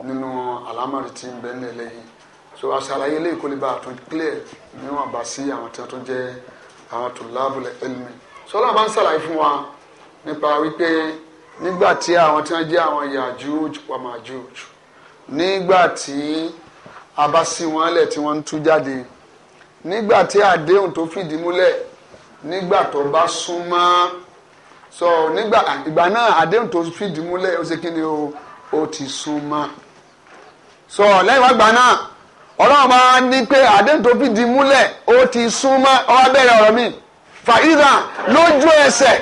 nínú àlámọ̀rí tí ń bẹ́ẹ̀ lẹ́yìn so àṣàlàyé ilé ìkólébá àtún clear níwọ̀n bá sí àwọn tí wọ́n tún jẹ́ àwọn tó lábùlẹ̀ ẹlmi sọlá bá ń ṣàlàyé fún wa nípa wípé nígbà tí àwọn tí wọ́n jẹ́ àwọn Yàjúj wa Màjúj nígbà tí a bá ṣí wọn lẹ̀ tí wọ́n ń tú jáde nígbà tí àdéhùn tó fìdí múlẹ̀ nígbà tó bá súnmọ́ so nígbà ìgbà náà àdéhùn tó fìdí múlẹ̀ ó ṣe kí ni o ó ti súnmọ́ so lẹ́yìn wá gbà náà ọlọ́run máa ní pé àdéhùn tó fìdí múlẹ̀ ó ti súnmọ́ ọwọ́ bẹ̀rẹ̀ ọ̀rọ̀ mi fàyíra lójú ẹsẹ̀.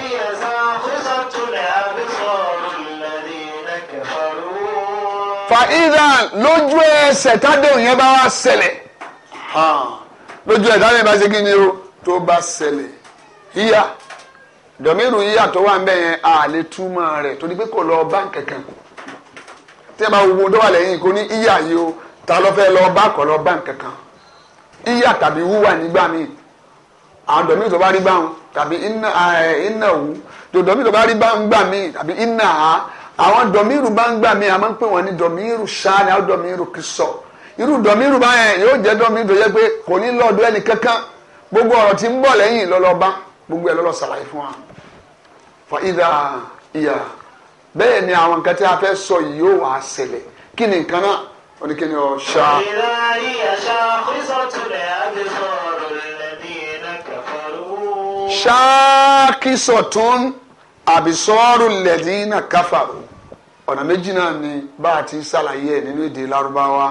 fàyíra lójú ẹsẹ̀ tádéhùn yẹn bá wá ṣẹlẹ̀ lójú ẹ̀ tádéhùn bá ṣe kí ni o tó bá ṣẹlẹ̀ yíyá dọ̀míìrù yíyá tó wà ń bẹ̀ yẹn àlè túmọ̀ rẹ̀ torí pé kò lọ bá nǹkankan tí ẹ bá wo ohun tó wà lẹ́yìn kò ní yíyá yìí o. ta ló fẹ́ lọ bá kọ́ lọ bá nǹkan kan iya tàbí wúwà nígbà míì àwọn dọ̀mí tó bá rí báwọn tàbí iná iná wù tó bá rí ha àwọn bá ń gbà míì a ń pè wọ́n ní dọ̀mí irú ní àwọn dọ̀mí kì sọ irú bá yẹn yóò jẹ́ kankan gbogbo ọ̀rọ̀ tí ń bọ̀ gbogbo ẹ̀ lọ́lọ́ fún wa fa ìdá ìyà bẹ́ẹ̀ ni àwọn nǹkan tí a fẹ́ sọ yìí yóò wá ni nǹkan ó ní kíni Sha ṣá. ìlàrí àṣà kìsọ̀tulẹ̀ àbísọ̀rọ̀ lẹ́bí iná kẹfàrú. ṣá kìsọ̀tún àbísọ̀rọ̀ lẹ́bí iná kẹfàrú. ọ̀nà ni bá a ti ṣàlàyé ẹ̀ nínú èdè lárúbáwá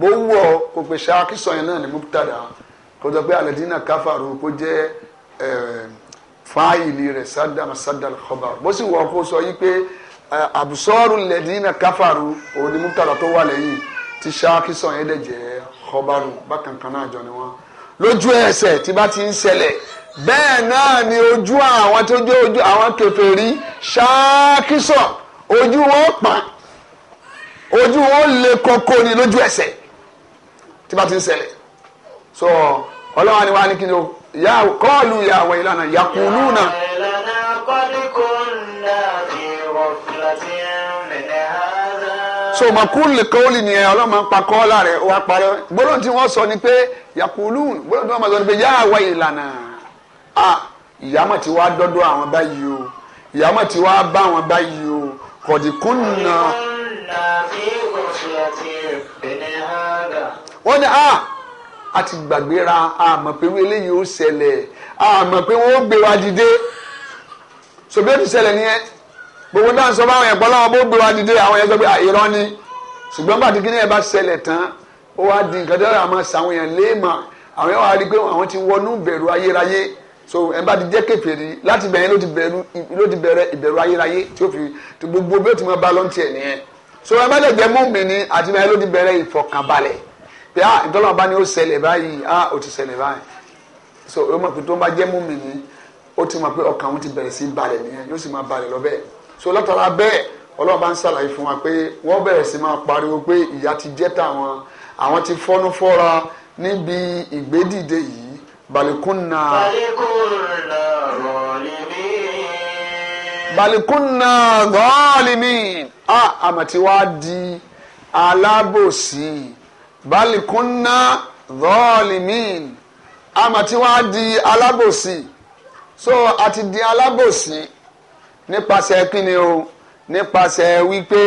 bó wọ̀ kó pe ṣá kìsọ̀ yẹn náà ní mubtada kó tó pé alẹ́dí iná kẹfàrú kó jẹ́ fáìlì rẹ̀ sádàmà sádàlù khabar bó sì wọ̀ kó sọ yí pé àbùsọ̀rù lẹ́dí iná kẹfàrú ni mubtada tó wà lẹ́yìn tí ṣáàkì sọ yẹn dẹ̀ jẹ́ kọ́bárù bákan kan náà jọ ni wọ́n lójú ẹsẹ̀ tí bá ti ń ṣẹlẹ̀ bẹ́ẹ̀ náà ni ojú àwọn tó jẹ́ ojú àwọn kèfèrí ṣáàkì sọ ojú wọn pa ojú wọn le koko ni lójú ẹsẹ̀ tí bá ti ń ṣẹlẹ̀ so ọlọ́wà ni wà ní kí ni o yà kọ́ọ̀lù yà ìlànà yà náà so mọ̀kúlù kọ́ọ̀lì nìyẹn ọlọ́mọ pa kọ́ọ̀lá rẹ̀ wá parẹ́ gbọ́dọ̀ tí wọ́n sọ ni pé yakulun gbọ́dọ̀ tí wọ́n sọ ni pé yá àwa ìlànà ah ìyàmọ̀ tí wàá dọ́dọ̀ àwọn báyìí o ìyàmọ̀ tí wàá bá àwọn báyìí o kọ̀dìkúnnà. wọ́n ní ah a ti gbàgbéra àmọ̀ pé eléyìí ó ṣẹlẹ̀ àmọ̀ pé wọ́n ó gbé wa dìde sọ bí ó ti ṣẹlẹ̀ nìyẹn gbogbo náà sọ fáwọn ẹ̀pọ́ láwọn bó gbé wa dìde àwọn yẹn sọ pé irọ́ ni ṣùgbọ́n bàtí kí ni ẹ bá ṣẹlẹ̀ tán ó wá di nǹkan tó yàrá máa ṣàwọn èèyàn léèmà àwọn yẹn wá rí i pé àwọn ti wọnú bẹ̀rù ayérayé so ẹ bá ti jẹ́ kèfèrí láti bẹ̀yẹn ló ti bẹ̀rù ló ti bẹ̀rẹ̀ ìbẹ̀rù ayérayé tí ó fi gbogbo bí ó ti máa bá lọ́ntì ẹ̀ nìyẹn so ẹ bá dẹ̀gbẹ́ mú mi ni àti bẹ̀yẹn ló ti bẹ̀rẹ̀ ìfọkànbalẹ̀ so ó mọ̀ pé tó bá jẹ́ mú mi ni ó ti mọ̀ pé ọkàn yóò sì máa balẹ̀ lọ bẹ́ẹ̀ so látara bẹ́ẹ̀ ọlọ́run bá ń ṣàlàyé fún wa pé wọ́n bẹ̀rẹ̀ sí máa pariwo pé ìyà ti jẹ́ tàwọn àwọn ti fọ́nú fọ́ra níbi ìgbédìde yìí balikunna. balikunna rọlimi. balikunna rọlimi. a àmọ̀ tí wàá di alábòsí balikunna rọlimi àmọ̀ tí wàá di alábòsí so àti di alábòsí nípasẹ̀ kíni o nípasẹ̀ wípé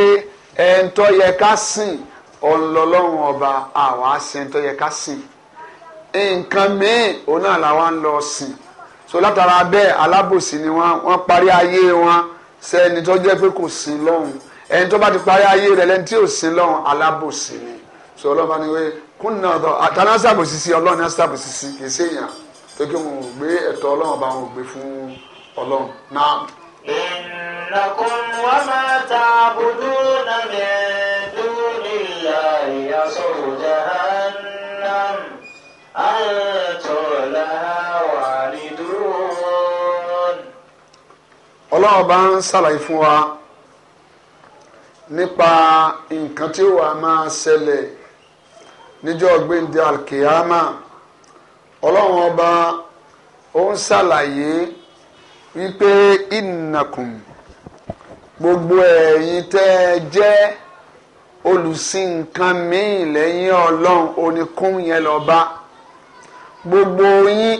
ẹ̀ńtọ́ yẹ ká sìn ọlọ́lọ́run ọba àwa ṣẹ̀ńtọ́ yẹ ká sìn nǹkan míì òun náà làwa ń lọ sìn so látara bẹ́ẹ̀ alábòsí ni wọ́n wọ́n parí ayé wọn sẹ́ni tó jẹ́ pé kò sìn lọ́hùn ẹni tó bá ti parí ayé rẹ̀ lẹ́ni tí ò sìn lọ́hùn alábòsí ni so ọlọ́ba ni wọ́n kúnnà ọ̀dọ̀ àtàlà ṣàbòsí sí ọlọ́run náà ṣàbòsí sí kì í ṣèyàn pé kí wọn ò gbé ẹ̀tọ́ ọlọ́run ọba wọn ò gbé fún ọlọ́run náà. إنكم وما تعبدون من دون الله يصر جهنم أنتم ń ṣàlàyé fún wa nípa nǹkan tí wàá máa ṣẹlẹ̀ níjọ́ gbẹ̀ǹdẹ̀ alkiyama ọlọ́run ọba ó ń ṣàlàyé wípé ìnàkùn gbogbo ẹ̀yin tẹ́ ẹ jẹ́ olùsìn nǹkan míì lẹ́yìn ọlọ́run oníkún yẹn lọ bá gbogbo yín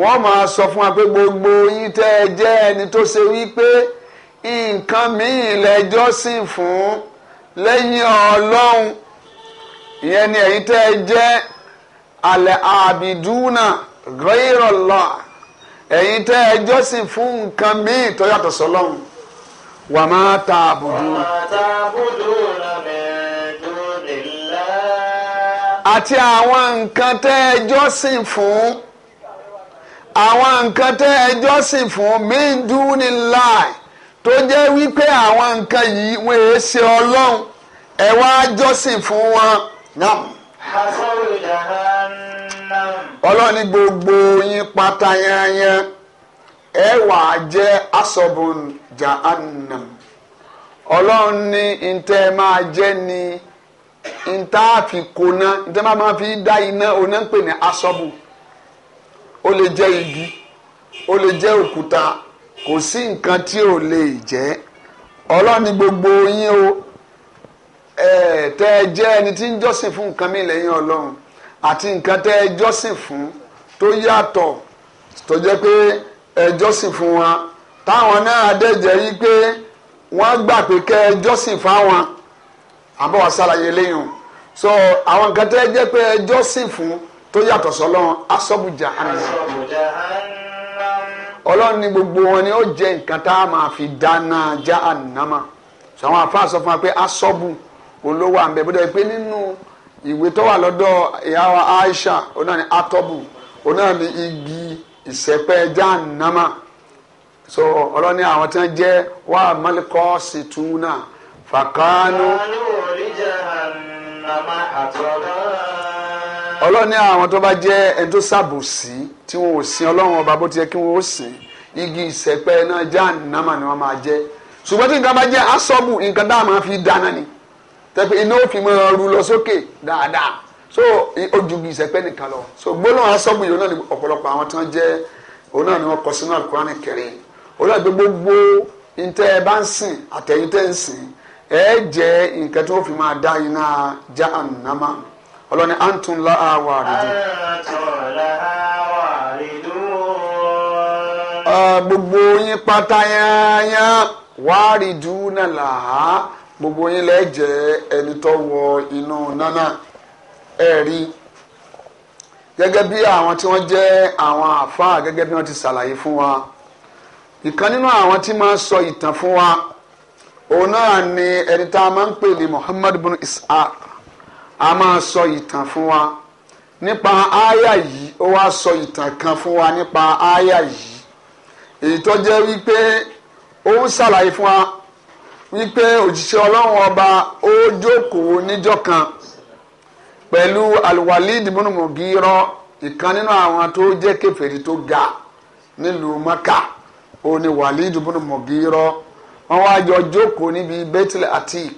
wọ́n máa sọ fún wa pé gbogbo yín tẹ́ ẹ jẹ́ ẹni tó ṣe wípé nǹkan míì lẹ́jọ́ sìn fún lẹ́yìn ọlọ́run ìyẹn ni ẹ̀yin tẹ́ ẹ jẹ́ alẹ́ àbìdúnà ghayrallah. ẹ̀yin tẹ ẹjọ jọ́sìn fún nǹkan míì tó yàtọ̀ sọ́lọ́run wà má ta àbùdù. àti àwọn nǹkan tẹ́ ẹ jọ́sìn fún àwọn nǹkan tẹ́ ẹ jọ́sìn fún min dunillahi tó jẹ́ wípé àwọn nǹkan yìí wọ́n èé ṣe ọlọ́run ẹ wá jọ́sìn fún wọn. Nam. Hasawul ọlọ́run ní gbogbo yín pátá yányán ẹ wà jẹ́ asọ̀bùn jahannam ọlọ́run ní ntẹ́ máa jẹ́ ni ntá fi kóná ntẹ́ máa fi dá iná oná ń pè ní asọ́bù ó lè jẹ́ igi ó lè jẹ́ òkúta kò sí nǹkan tí ò lè jẹ́ ọlọ́run ní gbogbo yín o ẹ̀ tẹ́ ẹ jẹ́ ẹni tí ń jọ́sìn fún nǹkan mi lẹ́yìn ọlọ́run àti nǹkan tẹ́ ẹ fún tó yàtọ̀ tó jẹ́ pé ẹ jọ́sìn fún wọn táwọn náà dẹ̀jẹ̀ yí pé wọ́n gbà pé fáwọn sàlàyé so àwọn nǹkan fún tó yàtọ̀ sọlọ́run asọ́bùjà ọlọ́run ní gbogbo wọn ni ó jẹ́ nǹkan tá a máa fi dáná já fún wa pé asọ́bù olówó bó dẹ̀ pé nínú. ìwé tó wà lọ́dọ̀ ìyá wa Aisha ọ̀nà ni atọ́bù ọ̀nà ni igi ìsẹ̀pẹ̀ jahannama so ọlọ́ni àwọn tí wọ́n jẹ́ wà mọ́lẹ́kọ́ sí túnà fàkánú. ọlọ́ni àwọn tó bá jẹ́ ẹni tó ṣàbòsí tí wọn ò sin ọlọ́run ọba bó ti yẹ kí wọn ó sìn igi ìsẹ̀pẹ̀ náà jahannama ni wọ́n máa jẹ́ ṣùgbọ́n tí nǹkan bá jẹ́ asọ́bù nǹkan dáhà máa fi dáná ni tẹ́pẹ́ iná ó fi máa ru lọ sókè dáadáa so ojú bíi ìsẹ̀pẹ́ nìkan lọ so gbólóhùn asọ́gbù yìí náà ni ọ̀pọ̀lọpọ̀ àwọn tán jẹ́ òun náà ni wọ́n kọ sínú àlùkùránì kẹrin òun náà gbogbo ntẹ́ ẹ bá ń sìn àtẹ̀yìn tẹ́ ń sìn ẹ jẹ́ nǹkan tó fi máa dá iná jahannama ọlọ́ni antun la awa àrídùn. gbogbo yín pátá yányá wàá rí dùn náà làá. gbogbo yín lẹ ẹni tó wọ inú nánà ẹ rí gẹ́gẹ́ bí àwọn tí wọ́n jẹ́ àwọn àfáà gẹ́gẹ́ bí wọ́n ti ṣàlàyé fún wa ìkan nínú àwọn tí máa ń sọ ìtàn fún wa òun náà ni ẹni tá a máa ń pè ní Muhammad bin a máa sọ ìtàn fún wa nípa aya yìí ó wá sọ ìtàn kan fún wa nípa aya yìí èyí tó jẹ́ wípé ó ń ṣàlàyé fún wípé òjíṣẹ́ ọlọ́run ọba ó jókòó níjọ́ kan pẹ̀lú Al-Walid ibn ìkan nínú àwọn tó jẹ́ ga nílùú Maka ó ní Walid ibn wọn wá jọ jókòó níbi Bethel Atik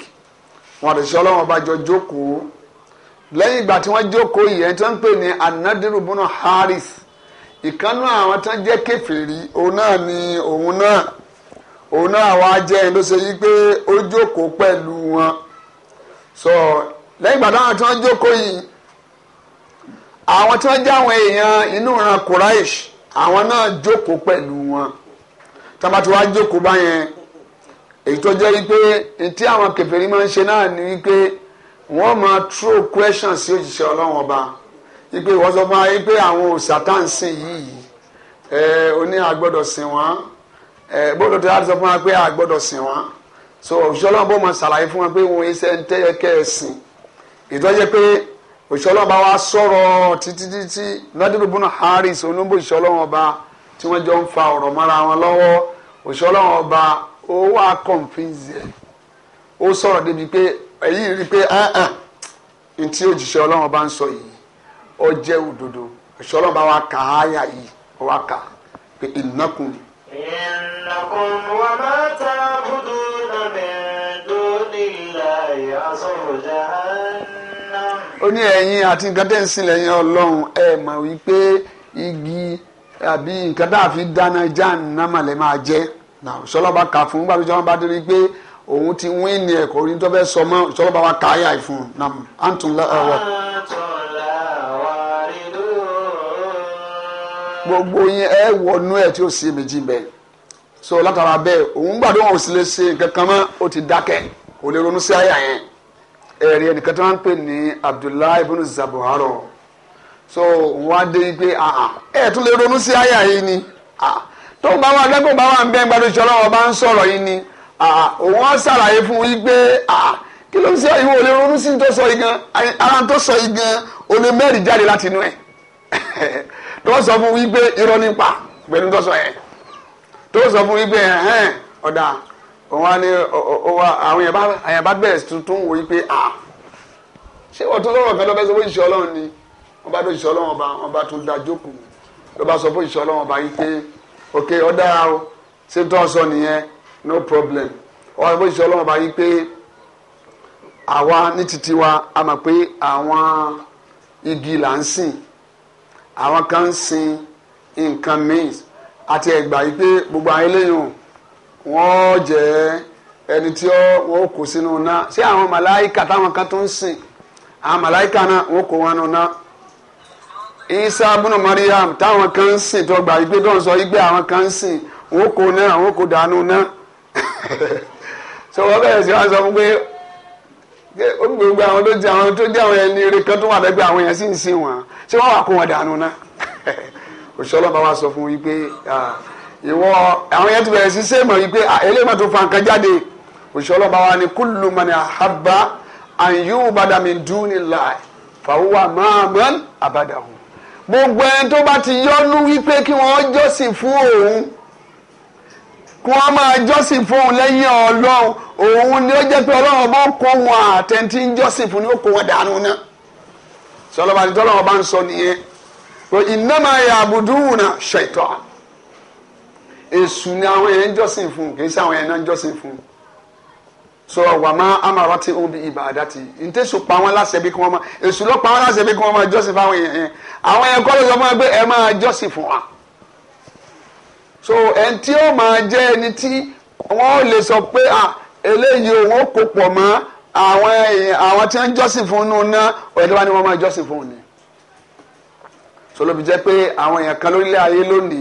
wọ́n òjíṣẹ́ ọlọ́run ọba jọ jókòó lẹ́yìn ìgbà tí wọ́n jókòó ń pè Haris ìkan nínú àwọn tó jẹ́ òun náà ni òun náà. òun náà wá jẹ́ ẹni tó ṣe yí pé ó jókòó pẹ̀lú wọn sọ lẹ́yìn ìgbà táwọn tí wọ́n jókòó yìí àwọn tí wọ́n jẹ́ àwọn èèyàn inú ìran Quraish àwọn náà jókòó pẹ̀lú wọn tí wọ́n bá ti wá jókòó báyẹn èyí tó jẹ́ wípé tí àwọn kèfèrí máa ń ṣe náà ni wípé wọ́n máa throw questions sí òjíṣẹ́ ọlọ́run ọba wípé ìwọ́n sọ fún wa wípé àwọn òòṣà tá à ń sìn yìí sìn wọ́n ẹ eh, bóòlù tó láti sọ fún wa pé a gbọ́dọ̀ sìn wọn so òṣìṣẹ́ ọlọ́run bó máa ṣàlàyé fún wa pé wọn ẹsẹ̀ ń tẹ́ ẹkẹ́ ẹ̀sìn ìtọ́jẹ́ pé òṣìṣẹ́ ọlọ́run bá wa sọ̀rọ̀ títí títí lọ́dúnrúbùnà Harris, onúbò òṣìṣẹ́ ọlọ́run ọba tí wọ́n jọ ń fa ọ̀rọ̀ mọ́ra wọn lọ́wọ́ òṣìṣẹ́ ọlọ́run ọba ó wà kọ̀ǹfìnsì ẹ̀ ó sọ̀rọ̀ débi pé èyí rí pé ah, ah, ntí òṣìṣẹ́ ọlọ́run ọba ń sọ yìí ó jẹ́ òdodo òṣìṣẹ́ ọlọ́run bá wa kà á yà yìí ó wá kà pé ìnákùnrin إنكم وما تعبدون من دون الله حصب جهنم. ó ní ẹ̀yin àti nǹkan tẹ́ ń sìn lẹ́yìn ọlọ́run ẹ mọ̀ wípé igi àbí nǹkan tá a fi dáná jahannama lè máa jẹ́ sọlọ́ba kà fún gbàdúrà sọlọ́ba bá dé rí i pé òun ti wín ní ẹ̀kọ́ orin tó fẹ́ sọmọ́ sọlọ́ba wa kà á yà fún un. gbogbo yín ẹ wọnú ẹ tí ó sì méjì bẹ́ẹ̀ so látara bẹ́ẹ̀ òun gbàdúrà òun sì lè ṣe nǹkan kan mọ́ ó ti dákẹ́ kò lè ronú sí àyà yẹn ẹ̀rí ẹnìkan tó máa ń pè ní Abdullahi ibn Zabuharo so òun á dé pé ẹ tún lè ronú sí àyà yìí ni tó bá wà lẹ́kọ̀ọ́ bá wà ń bẹ́ẹ̀ gbàdúrà ìṣọ́lá wọn bá ń sọ̀rọ̀ yìí ni òun á ṣàlàyé fún yín pé kí ló ń ṣe ìwọ ò lè ronú sí tó sọ yìí gan ara tó sọ yìí gan ò mẹ́rin jáde láti inú ẹ̀ [laughs] tó sọ fún wípé irọ́ nípa pẹ̀lú tó sọ yẹn tó sọ fún wípé ẹ̀hẹ́n ọ̀dà òun á ní àwọn èèyàn bá bẹ̀rẹ̀ tuntun wò wípé à ṣé wọ́n tún lọ́rọ̀ kan lọ́bẹ̀ sọ fún ìṣẹ́ ọlọ́run ni wọ́n bá tó ìṣẹ́ ọlọ́run ọba wọ́n bá tún da jókòó ló bá sọ fún ìṣẹ́ ọlọ́run ọba yìí pé ok ọ̀dà o ṣé tó sọ nìyẹn no problem wọ́n bá tó ìṣẹ́ ọlọ́run ọba yìí pé àwa ní titi wa a mọ̀ pé àwọn igi là ń sìn àwọn kan ń sin nǹkan míì àti ẹ̀gbà yìí pé gbogbo àwọn jẹ ẹni tí wọn kó sínú náà ṣé àwọn màláìka táwọn kan tó ń sìn àwọn màláìka náà wọn nù náà isa mariam táwọn kan ń sìn tó gbà igbe tó ń sọ àwọn kan ń sìn wọ́n kó náà wọ́n kó dànù náà [laughs] wọn bẹ̀rẹ̀ sí gbogbo àwọn tó jẹ àwọn tó jẹ àwọn ẹni eré kan tó wà lẹ́gbẹ̀ẹ́ àwọn yẹn sì ń sìn wọn ṣé wọn wà kó wọn dànù náà [laughs] òṣìṣẹ́ ọlọ́pàá wa sọ fún yìí pé ìwọ àwọn yẹn ti bẹ̀rẹ̀ sí sèmọ̀ yìí pé eléyìí máa tó fa nǹkan jáde òṣìṣẹ́ ọlọ́pàá wa ni kúlù mọ̀nì àhábà àyùn bàdàmì dùn nílà fàwùwà máàmán àbàdàhùn gbogbo ẹni tó bá ti yọ́nú wípé kí wọ́n jọ́sìn fún òun kí wọ́n máa jọ́sìn fóun lẹ́yìn ọlọ́run òun ni ó jẹ́ pé ọlọ́run bó kó wọn àtẹ̀ntì ń jọ́sìn fún ni ó kó wọn dànù náà sọlọ́ba ni tọ́lọ́wọ́ bá ń sọ nìyẹn pé ìnáma yà àbùdúwùnà ṣètò èṣù ni àwọn yẹn ń jọ́sìn fún kì í ṣe àwọn yẹn náà ń jọ́sìn fún so wà má amara ti obi ibà àdàtì ntẹ̀sù pa wọn láṣẹ bí kí wọ́n máa èṣù ló pa wọn láṣẹ bí kí wọ́n máa jọ́sìn fún àwọn yẹn àwọn yẹn kọ́ so ẹni tí ó máa jẹ́ ẹni tí wọ́n lè sọ pé eléyìí òun ó kó pọ̀ mọ́ àwọn àwọn tí wọ́n jọ́sìn fún un ná ọ̀yẹ́dẹ́ wa ni wọ́n máa jọ́sìn fún un ni sọlọ́bi jẹ́ pé àwọn èèyàn kan lórílẹ̀ ayé lónìí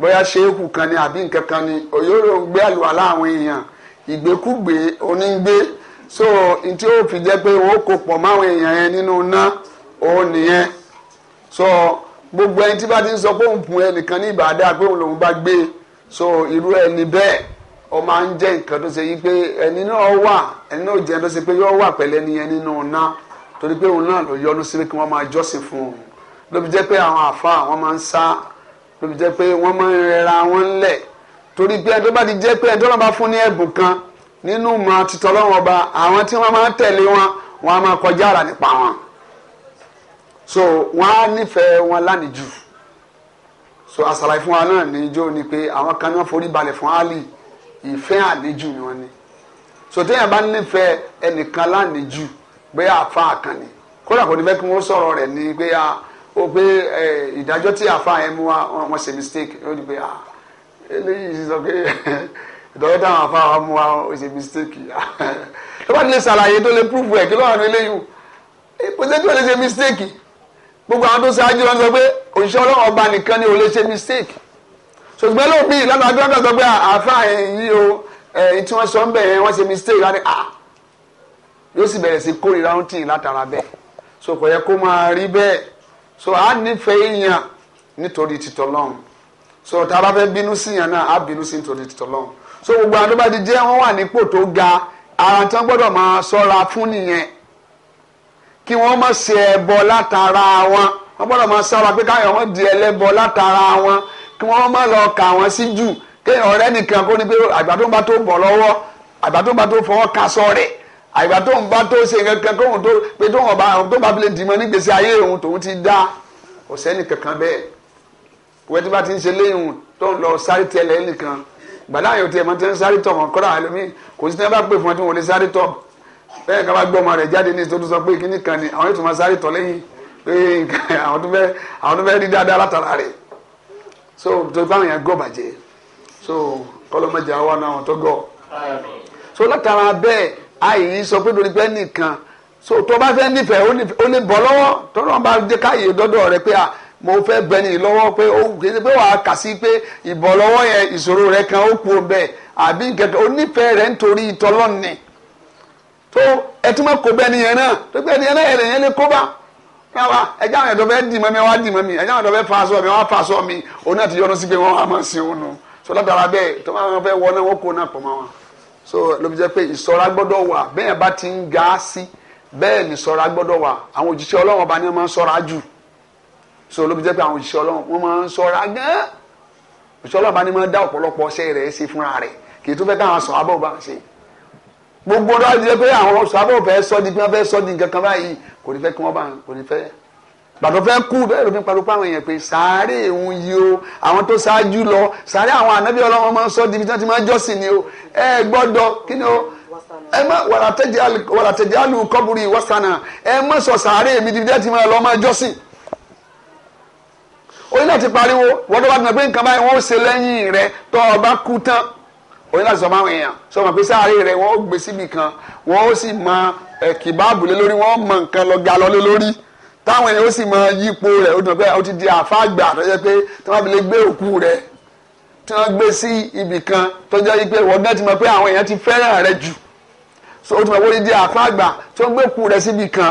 bóyá ṣéèkù kan ni àbí nǹkan kan ni òyòrò gbé àlùwàlá àwọn èèyàn ìgbékúgbé onígbé so n tí ó fi jẹ́ pé wọ́n kó pọ̀ máwọn èèyàn yẹn nínú ná òun nìyẹn so gbogbo ẹni tí bá ti ń sọ pé òun pùn ẹnìkan ní ìbàdà pé òun lòun bá gbé so irú ẹni bẹ́ẹ̀ ó máa ń jẹ́ nǹkan tó ṣe yí pé ẹni náà wà ẹni náà jẹ́ ẹni tó ṣe pé yóò wà pẹ̀lẹ́ ní ẹni náà ná torí pé òun náà ló yọnu sí pé kí wọ́n máa jọ́sìn fún òun ló fi jẹ́ pé àwọn àfa wọ́n máa ń sá ló fi jẹ́ pé wọ́n máa ń rẹra wọn lẹ̀ torí pé ẹni tó bá ti jẹ́ pé ẹni tó bá fún ní ẹ̀bùn kan nínú mọ́ titọ́ lọ́wọ́ ọba àwọn tí wọ́n máa ń tẹ̀lé wọn wọ́n á máa kọjá àrà nípa wọn so wọ́n á nífẹ̀ẹ́ wọn lánìí jù so àṣàlàyé fún wa náà níjó ni pé àwọn kan náà forí balẹ̀ fún Ali ìfẹ́ àníjù ni wọ́n ní so téèyàn bá nífẹ̀ẹ́ ẹnìkan lánìí jù pé àáfàá kan ni kódà kò ní fẹ́ kí wọ́n sọ̀rọ̀ rẹ̀ ni pé a ah, ó pé ìdájọ́ tí àáfàá yẹn mú wa wọ́n ṣe mistake ó ní pé a ah, eléyìí sọ pé [laughs] ìdọ́wọ́ táwọn àáfàá wa mú wa ó ṣe mistake ló [laughs] bá ní lè ṣàlàyé tó lè prove ẹ̀ kí ló wà eléyìí kò ṣe mistake. gbogbo àwọn tó ṣáájú wọn sọ pé òṣìṣẹ́ ọba nìkan ni ò lè ṣe mistake ṣùgbọ́n ìlànà sọ pé ah, àáfà o ẹ̀yìn tí wọ́n sọ ń bẹ̀ yẹn wọ́n ṣe mistake láti à ah. yóò sì bẹ̀rẹ̀ sí kórìíra ń tì látara bẹ́ẹ̀ so kò yẹ kó máa rí bẹ́ẹ̀ so a nífẹ̀ẹ́ èèyàn nítorí títọ́ lọ́hùn so tá a bá fẹ́ bínú sí yàn náà bínú sí nítorí so gbogbo àwọn tó bá ti jẹ́ wọ́n wà ga ara tí wọ́n gbọ́dọ̀ máa ṣọ́ra fún nìyẹn kí wọ́n má ṣe ẹbọ látara wọn wọ́n gbọ́dọ̀ máa sára pé káyọ̀ wọ́n di ẹlẹ́bọ látara wọn kí wọ́n má lọ kà wọ́n sí jù kí ọ̀rẹ́ nìkan kó ní pé àgbà tó ń bá tó bọ̀ lọ́wọ́ àgbà tó ń bá tó fọwọ́ ka sọ rẹ̀ àgbà tó ń bá tó ṣe kankan kóhun tó pé tó wọn bá àwọn tó bá fi lè dìmọ̀ nígbèsè ayé òun tòun ti dá kò sẹ́ni kankan bẹ́ẹ̀ wẹ́n tí bá ti ń ṣe léyìn tó ń lọ sáré tẹ́lẹ̀ nìkan gbàdáyọ̀ tiẹ̀ máa ti ń sáré tọ̀ wọn kọ́ra ẹlòmíì kò sí tí wọ́n bá pè fún ẹ tí wọ́n lè sáré tọ̀ bẹ́ẹ̀ ká bá gbọ́ ọmọ rẹ̀ jáde ní ìtòtú sọ pé kíní kan ni àwọn yóò tún máa sáré tọ̀ lẹ́yìn pé [laughs] àwọn tó fẹ́ àwọn tó fẹ́ rí dáadáa látara rẹ̀ so tó báwọn yẹn gọ̀ bàjẹ́ so kọ́lọ́mọjà wà náà àwọn tó gọ̀ so látara bẹ́ẹ̀ àyè sọ pé lórí pẹ́ nìkan so tó bá fẹ́ nífẹ̀ẹ́ ó lè bọ́ lọ́wọ́ tọ́lọ́ bá dé káyè dọ́dọ̀ rẹ pé mo fẹ́ bẹni lọ́wọ́ pé ó kéde pé wàá kà sí pé ìbọ̀ lọ́wọ́ yẹn ìṣòro rẹ kan ó kú o bẹ́ẹ̀ àbí nǹkan onífẹ̀ẹ́ rẹ nítorí ìtọ́lọ́ni tó ẹ tún máa kó bẹ́ẹ̀ nìyẹn náà tó bẹ́ẹ̀ nìyẹn náà ẹ̀rẹ̀ yẹn lè kó bá káwa ẹjẹ́ àwọn ẹ̀dọ́ fẹ́ dì mọ́ mi wá dì mọ́ mi ẹjẹ́ àwọn ẹ̀dọ́ fẹ́ fa aṣọ mi wá fa aṣọ mi òun náà ti yọnu sí pé wọ́n á máa sin òun nù so látara bẹ́ẹ̀ tó máa fẹ́ wọ náà wọ́n kó náà pọ̀ mọ́ wọn so ló fi jẹ́ pé ìṣọ́ra gbọ́dọ̀ wà bẹ́ẹ̀ bá ti ń ga sí bẹ́ẹ̀ ni ìṣọ́ra gbọ́dọ̀ wà àwọn òjíṣẹ́ Ọlọ́run ọba ni wọ́n máa ń ṣọ́ra jù so ló fi jẹ́ pé àwọn òjíṣẹ́ Ọlọ́run wọ́n máa ń ṣọ́ra gan dá ọ̀pọ̀lọpọ̀ ọṣẹ́ rẹ̀ ṣe fúnra rẹ̀ kì í tó fẹ́ káwọn sọ̀ abọ́ gbogbo ọdọ àti pé àwọn sábà fẹ́ sọ di pé wọ́n fẹ́ sọ di nǹkan kan báyìí kò ní fẹ́ kí wọ́n bá kò ní fẹ́ gbàtọ fẹ́ kú bẹ́ẹ̀ ló fi parọ pa àwọn èèyàn pé sàárè òun yìí o àwọn tó ṣáájú lọ sàárè àwọn ànábì Ọlọ́run máa ń sọ di ibi tí wọ́n ti máa ń jọ́sìn ni o ẹ gbọ́dọ̀ kí ni o ẹ má wàrà tẹjẹ àlù kọbùrì wọsànà ẹ má sọ sàárè mi di ibi tí wọ́n ti máa lọ máa jọ́sìn oyin náà ti pariwo wọ́n tó bá ti mọ̀ pé nǹkan báyìí wọ́n ó ṣe lẹ́yìn rẹ̀ tó o kú tán o ní láti sọ fáwọn èèyàn sọ ma pé sáré rẹ wọn ó gbé síbi kan wọn ó sì mọ ẹkì báàbù lé lórí wọn ó mọ nǹkan lọ ga lọ lé lórí táwọn èèyàn ó sì mọ yípo rẹ ó dùn pé ó ti di àfáàgbà tó jẹ pé tí wọn fi lè gbé òkú rẹ tí wọn gbé sí ibì kan tó jẹ pé wọn náà ti mọ pé àwọn èèyàn ti fẹ́ràn rẹ jù so ó ti mọ pé ó ti di àfáàgbà tó gbé òkú rẹ síbi kan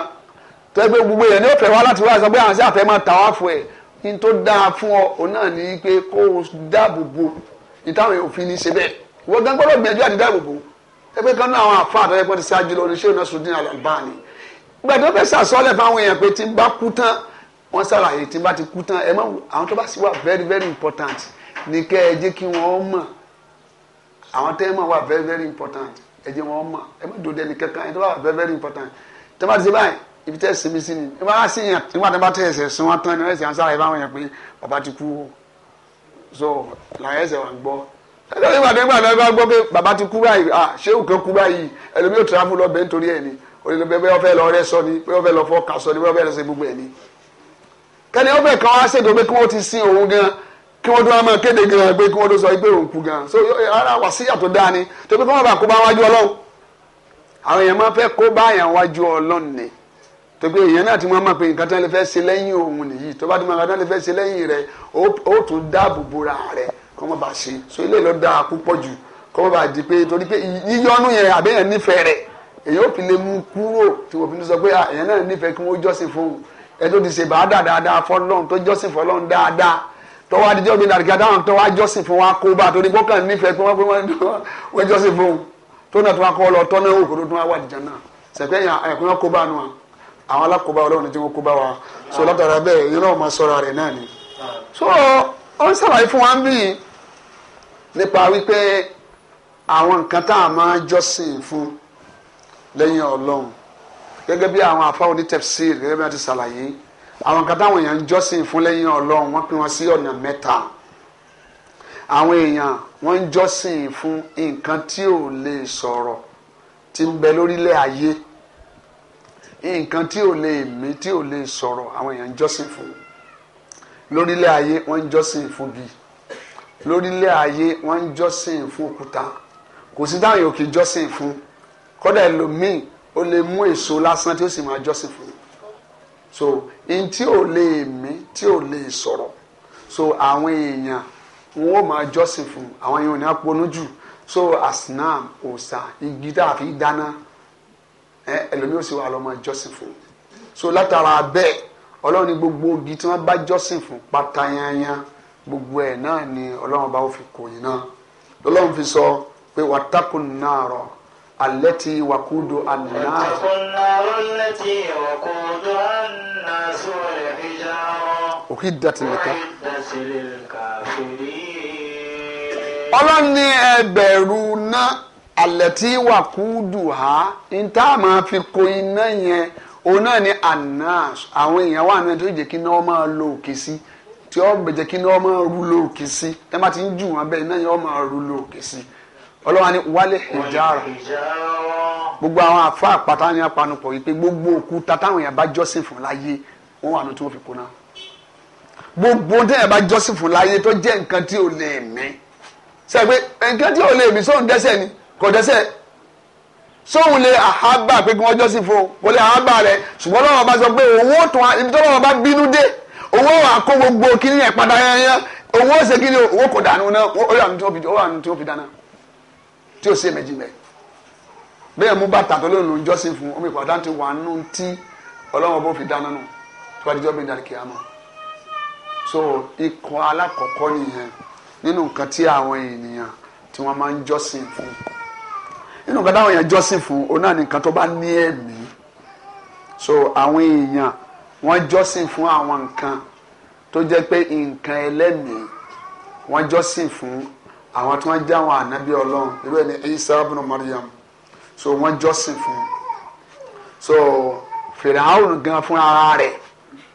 tó jẹ pé gbogbo èèyàn ní ó fẹ́ wá láti wá sọ pé àwọn sí àfẹ́ máa tà wá fún ẹ̀ ní tó dáa fún ọ òun náà ní pé kó o dáàbò bo ìtàwọn èèyàn òfin ní ṣe bẹ́ẹ̀ wọ́n gan gbọ́dọ̀ gbìyànjú àti dáàbòbò ẹgbẹ́ kan náà àwọn àfa àtọ́jọ́ pé ti ṣáájú lọ oníṣẹ́ iná sùn albani ìgbà tó fẹ́ sàsọ́lẹ̀ fáwọn èèyàn pé tí n bá kú tán wọ́n ṣàlàyé tí n bá ti kú tán ẹ má àwọn tó bá sì wà very very important ní kẹ́ ẹ jẹ́ kí wọ́n mọ̀ àwọn tẹ́ ẹ mọ̀ wà very very important ẹ jẹ́ wọ́n mọ̀ ẹ má dòde ẹnì kankan ẹ tó bá wà very very important tẹ́ bá ti ṣe báyìí ibi tẹ́ sinmi sí ni ẹ bá sí yàn nígbà tó bá tẹ̀ ẹsẹ̀ sun wọn tán ni wọ́n ẹsẹ̀ ń ṣàlàyé fáwọn èèyàn pé bàbá ti kú so làwọn ẹsẹ̀ wà gbọ́ ẹlẹ́ni gbàdégbà náà bá gbọ́ pé bàbá ti kú báyìí à ṣéwù kan kú báyìí ẹlòmí ò tìráfù lọ bẹ́ẹ̀ nítorí ẹ̀ ni olùdókè bẹ́ẹ̀ ọ̀fẹ́ lọ rẹ́ sọ ni bẹ́ẹ̀ ọ̀fẹ́ lọ fọ́ kà sọ ni bẹ́ẹ̀ ọ̀fẹ́ lọ ṣe gbogbo ẹ̀ ni. kẹ́ni ọ̀fẹ́ kan wá ṣètò pé kí wọ́n ti sin òun gan kí wọ́n tó máa kéde gan pé kí wọ́n tó sọ pé òun kú gan so ara wà sí yàtọ̀ dáa ni tó pé kí wọ́n bá kó bá wájú ọlọ́run àwọn èèyàn máa fẹ́ kó bá àyàn wájú ọlọ́run ni tó pé èèyàn náà ti máa mọ̀ pé nǹkan tán lè fẹ́ ṣe lẹ́yìn òun nìyí tó bá ti lè fẹ́ ṣe lẹ́yìn rẹ̀ ó tún dáàbò bora rẹ̀ kọ́mọ́ bá ṣe so ilé ló dáa púpọ̀ jù kọ́mọ́ bá di pé torí pé yíyọ́nú yẹn àbẹ́yẹn nífẹ̀ẹ́ rẹ̀ èyí ò fi lè mú kúrò tí wọ́n fi ní sọ pé ah, èyàn náà nífẹ̀ẹ́ kí wọ́n jọ́sìn fún ẹ tó ti ṣe bàádà dáadáa fọlọ́n tó jọ́sìn fọlọ́n dáadáa tó wá di jọ́gbìn dàrí kátà jọ́sìn fún wa kó bá torí gbọ́kàn nífẹ̀ẹ́ pé wọ́n pé wọ́n jọ́sìn fún tó náà tó wá kọ́ wa so látara bẹ́ẹ̀ yẹn náà so ó ń nípa wípé àwọn nǹkan tá a máa jọ́sìn fún lẹ́yìn ọlọ́run gẹ́gẹ́ bí àwọn afáwọn ní tafsir gẹ́gẹ́ bí wọ́n ti ṣàlàyé àwọn nǹkan táwọn èèyàn ń jọ́sìn fún lẹ́yìn ọlọ́run wọ́n pín wọn sí ọ̀nà mẹ́ta àwọn èèyàn wọ́n ń jọ́sìn fún nǹkan tí ò lè sọ̀rọ̀ tí ń bẹ lórílẹ̀ ayé nǹkan tí ò lè mí tí ò lè sọ̀rọ̀ àwọn èèyàn ń jọ́sìn fún lórílẹ̀ ayé wọ́n ń jọ́sìn fún bíi lórílẹ̀ ayé wọ́n ń jọ́sìn fún òkúta kò sí dáhùn yòókì jọ́sìn fún kọ́dà ẹlòmíì ó lè mú èso lásán tí ó sì máa jọ́sìn fún so n tí ò lè mí tí ò lè sọ̀rọ̀ so àwọn èèyàn wọn ò máa jọ́sìn fún àwọn èèyàn ò ní aponú jù so asinam òòṣà igi tá a fi dáná ẹlòmíì ó sì wà lọ́ọ́ jọ́sìn fún so látara bẹ́ẹ̀ ọlọ́run ní gbogbo igi tí wọ́n bá jọ́sìn fún pátáyányán gbogbo ẹ̀ náà ni ọlọ́run bá fi kò yín náà lọ́lọ́run fi sọ pé wàtákùn náà rọ̀ alẹ́tì wàkúdù àná. wàtákùn náà rọ̀ lẹ́tì wàkúdù àná sọ̀rọ̀ ìjà rọ̀. òkè dàtí nìkan. ọlọ́run ní ẹgbẹ̀rú náà alẹ́tì wàkúdù ha ní tá a máa fi kò iná yẹn òun náà ní àná àwọn èèyàn wà náà tó jẹ́ kí náà máa lo òkè sí tí ó bẹ̀jẹ̀ kí ni wọ́n máa ru lóòkè sí tẹ́ bá ti ń jù wọn bẹ́ẹ̀ náà yẹn wọ́n máa ru lóòkè sí ọlọ́wọ́n ni wálé ìjára gbogbo àwọn àfa àpáta ni apanupọ̀ wípé gbogbo òkúta táwọn èèyàn bá jọ́sìn fún láyé wọ́n wà ní tí wọ́n fi kóná gbogbo téèyàn bá jọ́sìn fún láyé tó jẹ́ nǹkan tí ò lè mí sẹ́gbẹ́ nǹkan tí ò lè mí sóhun dẹ́sẹ̀ ni kò dẹ́sẹ̀ sóhun lè àhábà pé kí wọ́n jọ́sìn fún o kò lè àhábà rẹ̀ ṣùgbọ́n lọ́wọ́ bá sọ pé òun ó tún ibi tó lọ́wọ́ bá bínú dé owó wà gbogbo kíní yẹn padà yẹn owó ṣe kíní owó kò dànù náà ó yà nù tí ó fi dáná tí ó sì bẹ́ẹ̀ mú bàtà tó ló ń jọ́sìn fún omi ti wà fi dáná tí wàá dijọ́ bí dàrí so ikọ̀ alákọ̀ọ́kọ́ nìyẹn nínú nǹkan tí àwọn ènìyàn tí wọ́n máa ń jọ́sìn fún nínú nǹkan táwọn èèyàn jọ́sìn wọ́n jọ́sìn fún àwọn nǹkan tó jẹ́ pé nǹkan ẹlẹ́mìí wọ́n jọ́sìn fún àwọn tí wọ́n jẹ́ àwọn ànábì ọlọ́run irú ẹni Isa ibn Maryam so wọ́n jọ́sìn fún so Fìràhùn gan fún ara rẹ̀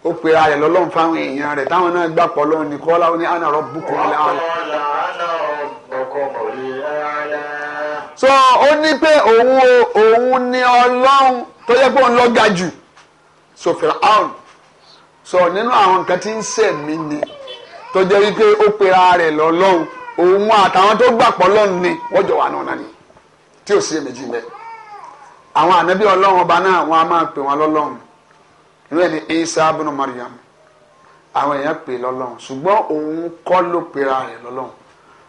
ó pe ara rẹ̀ lọ́lọ́run fáwọn èèyàn rẹ̀ táwọn náà gbà pọ̀ lọ́run ní kọ́lá ó ní ana rabbukum al-a'la. so ó ní pé òun òun ni ọlọ́run tó yẹ pé òun ló jù so firaun so nínú àwọn nǹkan tí ń sẹ̀mí ni tó jẹ́ wípé ó pera rẹ̀ lọ́lọ́run òun àtàwọn tó gbà pọ̀ lọ́run ni wọ́n jọ wà náà nani tí ò sí èméjì mẹ́ àwọn ànábì ọlọ́run ọba náà wọ́n á máa pè wọ́n lọ́lọ́run inú ẹ̀ Isa abunu Mariam àwọn èèyàn pè lọ́lọ́run ṣùgbọ́n òun kọ́ ló pera rẹ̀ lọ́lọ́run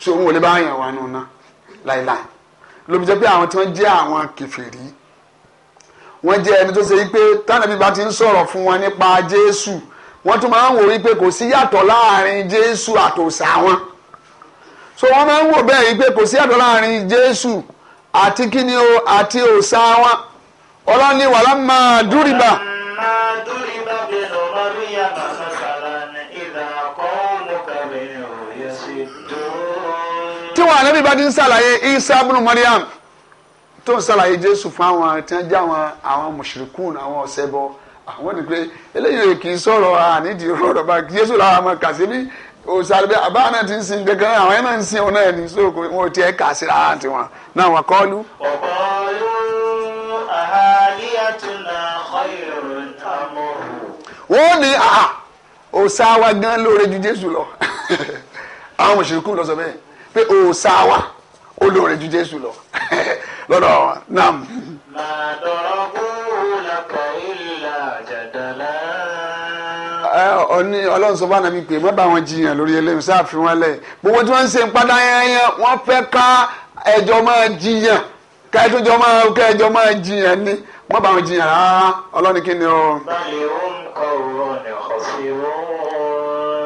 so òun ò lè bá yàn wà nù náà láéláé lóbi jẹ́ pé àwọn tí wọ́n jẹ́ àwọn kèfèrí wọ́n jẹ́ ẹni tó ṣe wípé tánàbí bá ti ń sọ̀rọ̀ fún wọn nípa Jésù wọ́n tún máa ń wò wípé kò sí yàtọ̀ láàrin Jésù àtòsà wọn so wọ́n máa ń wò bẹ́ẹ̀ wípé kò sí yàtọ̀ láàrin Jésù àti kíni o àti òsà wọn máa tí wọn Isa tó ń sàlàyé jésù fún àwọn tí wọ́n jẹ́ àwọn àwọn mùṣírikùn àwọn ọ̀ṣẹbọ àwọn ní pé eléyìí kì í sọ̀rọ̀ ànídìí rọ̀rọ̀ bá jésù làwọn ọmọ kà sí bí òsàlùbẹ́ àbá náà ti ń sin kankan àwọn ẹ̀ náà ń sin òun náà ní so kò wọ́n ti ẹ̀ kà sí ara tiwọn náà wọ́n kọ́ lu. ọ̀pọ̀lù àhàlíyàtúnà khayrun àmọ́. wọ́n ní òòṣà wa gan lóore ju jésù lọ [laughs] àwọn mùṣírikùn lọ sọ bẹ́ẹ̀ pé òòṣà wa ó lóore ju jésù lọ [laughs] lọ́dọ̀ nam. màá dọ̀rọ̀ kúrò lápá ìlà jàdàlá. ọ̀ní ọlọ́run sọ fún ànàmì pé má bá wọn jiyàn lórí eléyìí sáà fi wọn lẹ̀ gbogbo tí wọ́n ń ṣe ń padà yẹn wọ́n fẹ́ ká ẹjọ́ máa jiyàn kẹ́ẹ̀tọ́jọ́ máa kẹ́ẹ̀jọ́ máa jiyàn ni má bá wọn jiyàn rárá ọlọ́run kí ni o. báyìí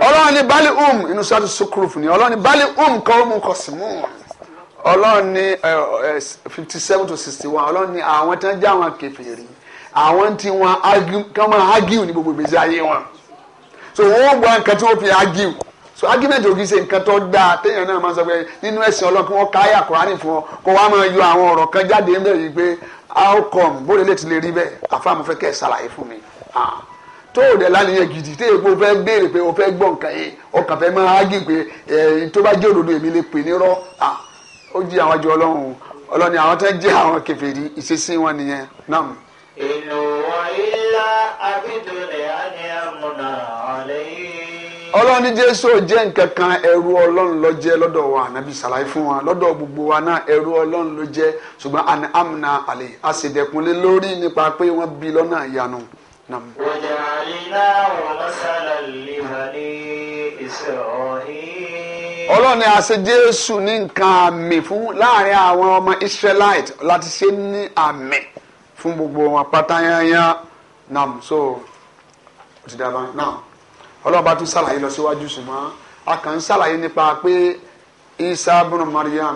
ọlọ́run ni bali um inú sọ́ọ́tù sukuruf ni ọlọ́run ni bali um kọ́ ọ́ mú kọ̀ sí mú wọn ọlọ́run ní fifty seven to sixty one ọlọ́run ní àwọn tán jẹ́ àwọn kèfèrí àwọn tí wọ́n kàn máa argue ní gbogbo ìgbésí ayé wọn so wọ́n gba nǹkan tí wọ́n fi argue so argument ò kì í ṣe nǹkan tó dáa téèyàn náà máa sọ pé nínú ẹ̀sìn ọlọ́run kí wọ́n káyà kúránì fún ọ kó wá máa yọ àwọn ọ̀rọ̀ kan jáde ń bẹ̀ yìí pé how come bóde lè ti lè rí bẹ́ẹ̀ àfa mo fẹ́ kẹ́ ẹ̀ ṣàlàyé fún mi tó o dẹ̀ lánìyàn gidi tí èèpo fẹ́ béèrè pé o fẹ́ gbọ́ nǹkan yìí ọkàn fẹ́ máa argue pé tó bá jẹ́ òdodo èmi lè pè ní rọ́ ó jí àwọn ju ọlọ́run ọlọ́ni àwọn tó ń jẹ́ àwọn kèfèrí ìṣesí wọn nìyẹn náà. inú wọn ilá abidulẹ̀ àní àmúna àlẹ́ ọlọ́ni jésù jẹ́ nǹkan kan ẹrú ọlọ́run ló jẹ́ lọ́dọ̀ wa ànábì sàlàyé fún wa lọ́dọ̀ gbogbo wa náà ẹrú ọlọ́run ló jẹ́ ṣùgbọ́n àni amúna àlè a sì dẹ̀kunlé lórí nípa pé wọ́n bí lọ́nà ìyanu. wọ́n jẹ́ àlè lè wà ní ìṣòro yìí ọlọ́run ni a ṣe jésù ní nǹkan àmì fún láàrin àwọn ọmọ israelite láti ṣe ní àmì fún gbogbo wọn pátáyányá nam so ó ti dábàá nam ọlọ́run bá tún ṣàlàyé lọ síwájú ṣùgbọ́n a kàn ń ṣàlàyé nípa pé isa bunu mariam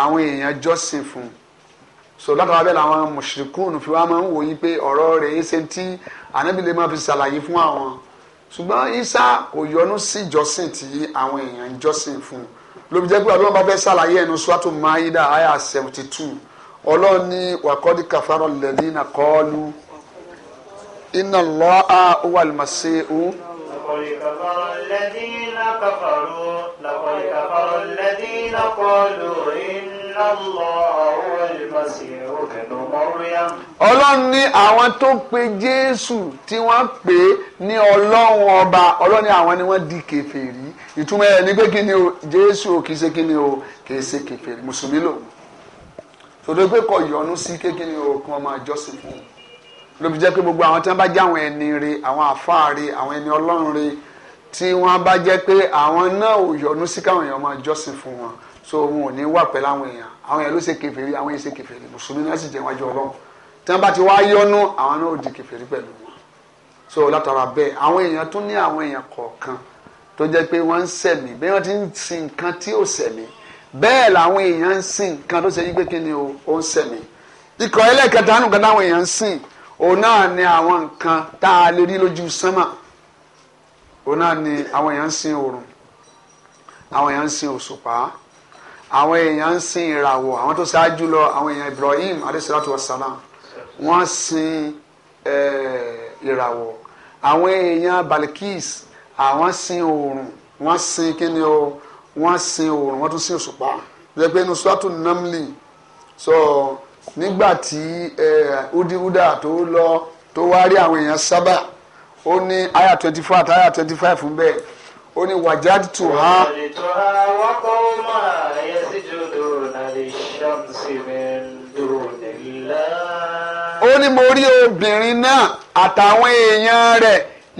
àwọn èèyàn jọ́sìn fún so látara bẹ́ẹ̀ làwọn mùsùlùkùn fi wá máa ń wòye pé ọ̀rọ̀ rẹ̀ ẹ́ ṣe ti ànábìlẹ̀ máa fi ṣàlàyé fún àwọn ṣùgbọ́n isa kò yọnu sí ìjọsìn tí àwọn èèyàn ń jọsìn fún un lóbi jẹ́ pé ọlọ́run bá fẹ́ ṣàlàyé ẹnu sọ́tò maida aya seventy two ọlọ́run ní wàkọ́dí kàfárọ̀ lẹ́ni nà kọ́ọ́lù iná lọ́ a wà lùmọ̀ọ́sẹ̀ o. لقد كفر الذين كفروا لقد كفر الذين قالوا إن ọlọ́run ní àwọn tó pe jésù tí wọ́n pè é ní ọlọ́run ọba ọlọ́run ní àwọn ni wọ́n di kèfèrí ìtumọ̀ ẹ̀ ní pé kí ni o jésù o kì ṣe kí ni o kì í ṣe kèfèrí mùsùlùmí lòun tòdó pé kò yọnu sí kékeré ni o kí wọ́n máa jọ́sìn fún un lóbi jẹ́ pé gbogbo àwọn tí wọ́n bá jẹ́ àwọn ẹni re àwọn àfáà re àwọn ẹni ọlọ́run re tí wọ́n bá jẹ́ pé àwọn náà ò yọnu sí káwọn èèyàn máa jọ́sìn fún wọn so wọn ò ní wà pẹ̀lú àwọn èèyàn àwọn èèyàn ló ṣe kèfèrí àwọn èèyàn ṣe kèfèrí mùsùlùmí náà sì jẹ́ wájú ọlọ́run tí wọ́n bá ti wá yọnu àwọn náà ò di kèfèrí pẹ̀lú wọn so látara bẹ́ẹ̀ àwọn èèyàn tún ní àwọn èèyàn kọ̀ọ̀kan tó jẹ́ pé wọ́n ń sẹ̀mí bẹ́ẹ̀ wọ́n ti ń sin nǹkan tí ò sẹ̀mí bẹ́ẹ̀ làwọn èèyàn ń sin nǹkan tó ṣe yí pé kí ni ó ń sẹ̀mí ikọ̀ ẹlẹ́kẹta nǹkan táwọn èèyàn ń sìn òun náà ni àwọn nǹkan tá a lè rí lójú sánmà òun náà ni àwọn èèyàn ń sin oòrùn àwọn èèyàn ń sin òṣùpá àwọn èèyàn ń sin ìràwọ̀ àwọn tó ṣáájú lọ àwọn èèyàn Ibrahim alayhisalatu wasalam wọ́n sin ìràwọ̀ àwọn èèyàn Balikis àwọn sin oòrùn wọ́n sin kíni o wọ́n sin oòrùn wọ́n tún sin òṣùpá lẹ́gbẹ́ inú sọ́tù namli sọ nígbà tí udiwuda tó lọ tó wá rí àwọn èèyàn sábà ó ní aya twenty four àti aya twenty five ń bẹ ó ní wàjáde tó há. wàjáde tó há wọ́n kọ́ ó máa. ní mo rí obìnrin náà àtàwọn èèyàn rẹ̀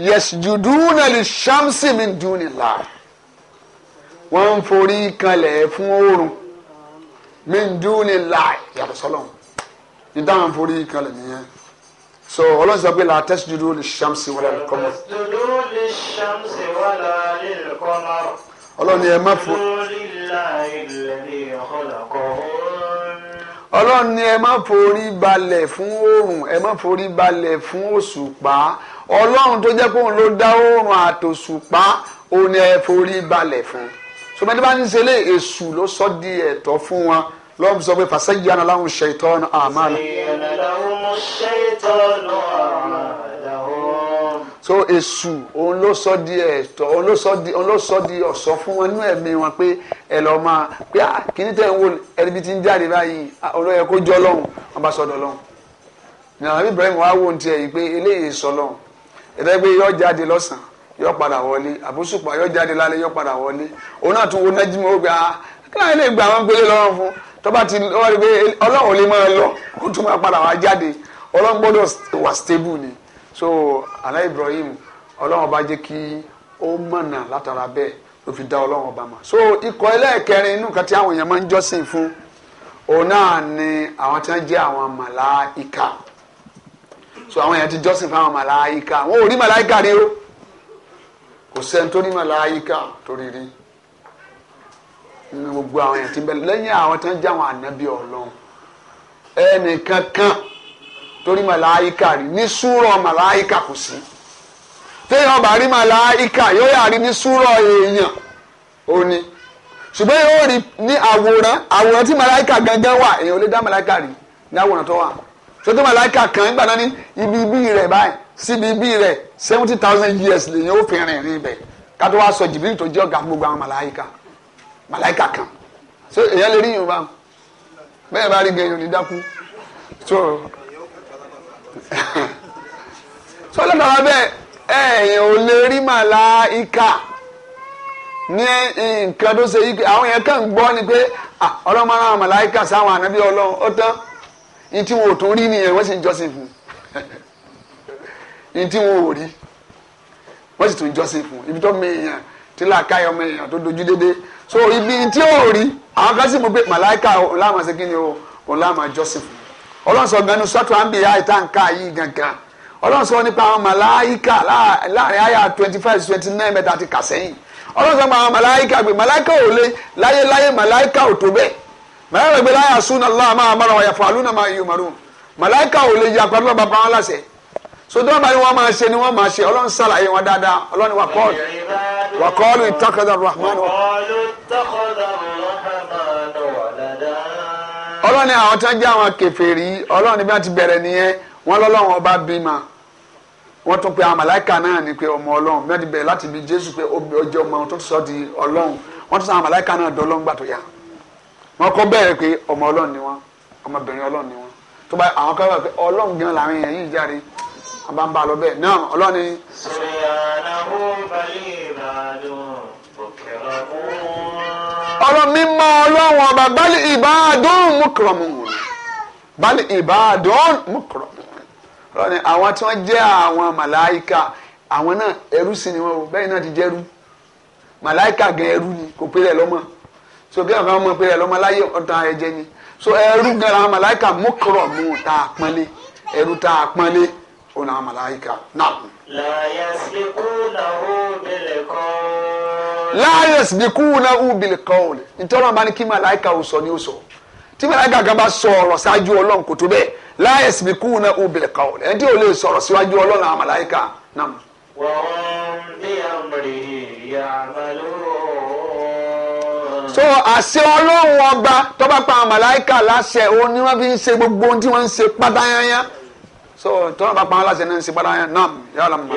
yẹsùdúnà lè ṣàmsì mi dúnìlà wọ́n ń forí kanlẹ̀ fún oòrùn mi dúnìlà yàtọ̀ sọ́lọ́n ní táwọn forí kanlẹ̀ nìyẹn so ọlọ́run sọ pé la tẹ́sídúdú lè ṣàmsì wala lè kọ́mọ. ọlọ́run ni ẹ má fo ọlọ́run ni ẹ má forí balẹ̀ fún oòrùn ẹ má forí balẹ̀ fún òṣùpá ọlọ́run tó jẹ́ pé òun ló dá oòrùn àtòṣùpá òun ni ẹ forí balẹ̀ fún sọmọdé bá ń ṣe lé èṣù ló sọ di ẹ̀tọ́ fún wọn lọ́wọ́ sọ pé fàṣẹ́yìn aláwọn ṣètọ́ àmàlà. fàṣẹ́yìn aláwọn ṣètọ́ àmàlà so esu òun ló sọ di ẹ̀tọ́ òun ló sọ di òun ló sọ di ọ̀ṣọ́ fún wọn nínú ẹ̀mí wọn pé ẹ lọ máa pé à ah, kíní tẹ̀ ń wo ẹni bí ti ń jáde báyìí olóyè ah, kó jọ lọ́hùn wọn bá sọdọ̀ lọ́hùn nàbí Ibrahim wá wò ní tiẹ̀ yìí pé eléyìí sọ lọ́hùn ẹ̀dá pé yọ jáde lọ́sàn yọ padà wọlé àbúṣùpá yọ jáde lálẹ́ yọ padà wọlé òun náà tún wo nájímọ̀ ó gbà á ah, kí láyé lè gbà wọn gbélé lọ́wọ́ fún tọ́ba ti ọlọ́run lè máa lọ kó tún máa padà wá jáde ọlọ́run gbọ́dọ̀ wà stable ni so alẹ́ Ibrahim ọlọ́run ọba jẹ́ kí ó mọ̀nà látara bẹ́ẹ̀ ló fi dá ọlọ́run ọba mọ̀ so ikọ̀ ẹlẹ́ẹ̀kẹrin inú kan tí àwọn èèyàn máa ń jọ́sìn fún òun náà ni àwọn tí wọ́n jẹ́ àwọn màláìka so àwọn èèyàn ti jọ́sìn fún àwọn màláìka wọn ò rí màláìka rí o kò sẹ́ni tó ní màláìka tó rí rí gbogbo àwọn èèyàn ti bẹ̀rẹ̀ lẹ́yìn àwọn tí wọ́n jẹ́ àwọn ànábì ọlọ́run ẹnìkankan torí màláìka rí ní súrọ̀ màláìka kò sí téèyàn bá rí màláìka yóò yà rí ní súrọ̀ èèyàn òní ṣùgbọ́n yóò rí ní àwòrán àwòrán tí màláìka gangan wà èèyàn ò lè dá màláìka rí ní àwòrán tó wà sọtọ́ màláìka kan ń gbàdá ní ibi ibi rẹ̀ báyìí síbi ibi rẹ̀ seventy thousand years lèyàn ó fi rìn rìn bẹ̀ ká tó wá sọ jìbìrì tó jẹ́ ọ̀gá gbogbo àwọn màláìka màláìka kan so èèyàn lè rí yorùbá bẹ́ẹ̀ bá rí gẹ̀yìn ò ní dákú so [laughs] sọlọ́dọ̀ wa bẹ́ẹ̀ ẹ̀yìn ò lè rí màláìka ní nǹkan tó ṣe yí àwọn yẹn kàn gbọ́ ni pé ọlọ́mọ màláìka sáwọn ànábí ọlọ́run ó tán ní tí wọn ò tún rí nìyẹn wọ́n sì ń jọ́sìn fún [laughs] ní tí wọn ò rí wọ́n sì tún jọ́sìn fún ibi tó mẹ́yàn tí làákàyè ọmọ èèyàn tó dojú so ibi tí ò rí àwọn kan sì mú pé màláìka ọ̀làmà ṣe kí ni o ọ̀làmà jọ́sìn fún ọlọ́run sọ ganu sọ́tò àǹbíyá ìtànká yìí gangan ọlọ́run sọ nípa àwọn màláìkà láàrin àyà twenty five twenty nine mẹ́ta ti kà sẹ́yìn ọlọ́run sọ nípa àwọn màláìkà gbé màláìkà ò lé láyé láyé màláìkà ò tó bẹ́ẹ̀ màláìkà gbé láyà sún aláà máa mọ̀ràn wàyà fún alúnà máa yọ màrún màláìkà ò lè yà pẹ̀lú bàbá wọn láṣẹ sodó àbáyé wọn máa ṣe ni wọn máa ṣe ọlọ́run sàlàyé wọn dáadáa ọlọ́run wàkọ́ọ̀lù wàkọ́ọ̀lù ìtàkàdà rahman. wàkọ́ọ̀lù ìtàkàdà rahman ọlọ́run ní àwọn tán jẹ́ àwọn kèfèrí ọlọ́run ní bí wọ́n ti bẹ̀rẹ̀ nìyẹn wọ́n lọ́lọ́run ọba bímọ wọ́n tún pe àwọn màláìka náà ní pé ọmọ ọlọ́run bí wọ́n ti bẹ̀rẹ̀ láti ibi jésù pé ọjọ́ ọmọ tó sọ di ọlọ́run wọ́n tún sọ àwọn màláìka náà dọ́lọ́run gbà tó yá wọ́n kọ́ bẹ̀rẹ̀ pé ọmọ ọlọ́run ni wọ́n ọmọbìnrin ọlọ́run ni wọ́n tó bá àwọn kan pé ọlọ́run gan làwọn èèyàn yìí jáde àbá ń bá lọ bẹ́ẹ̀ náà ọlọ́run sọ̀rọ̀ yàrá ọ̀rọ̀ mímọ́ ọlọ́run ọba bali ìbádùn mùkùrọ̀mù bali ìbádùn mùkùrọ̀mù ọlọ́ni àwọn tí wọ́n jẹ́ àwọn màláìka àwọn náà ẹrú sí ni wọ́n o bẹ́ẹ̀ náà ti jẹ́rú màláìka gan ẹrú ni kò péré lọ́mọ so bí àwọn ọmọ péré lọ́mọ láyé ọ̀tàn ẹ̀jẹ̀ ni so ẹrú gan àwọn màláìka mùkùrọ̀mù tá a pọ́nlé ẹrú tá a pọ́nlé ọ̀nà àwọn màláìka náà láyẹ̀sì bí kú náà ó bìlẹ̀ kọ́ ọ́ nítorí wọn bá ní kí màláìka ò sọ ní ó sọ tí màláìka kan bá sọ ọ̀rọ̀ ṣáájú ọlọ́run kò tó bẹ́ẹ̀ láyẹ̀sì bí kú náà ó bìlẹ̀ kọ́ ọ́ ẹni tí ò lè sọ̀rọ̀ síwájú ọlọ́run àwọn màláìka náà. so àṣẹ ọlọ́run ọba tó bá pa àwọn màláìka láṣẹ òun ni wọ́n fi ń ṣe gbogbo ohun tí wọ́n ń ṣe pátáyányá so tọ́lá bá pàmò aláṣẹ náà ń ṣe bára yẹn nam yà á lọ mọ.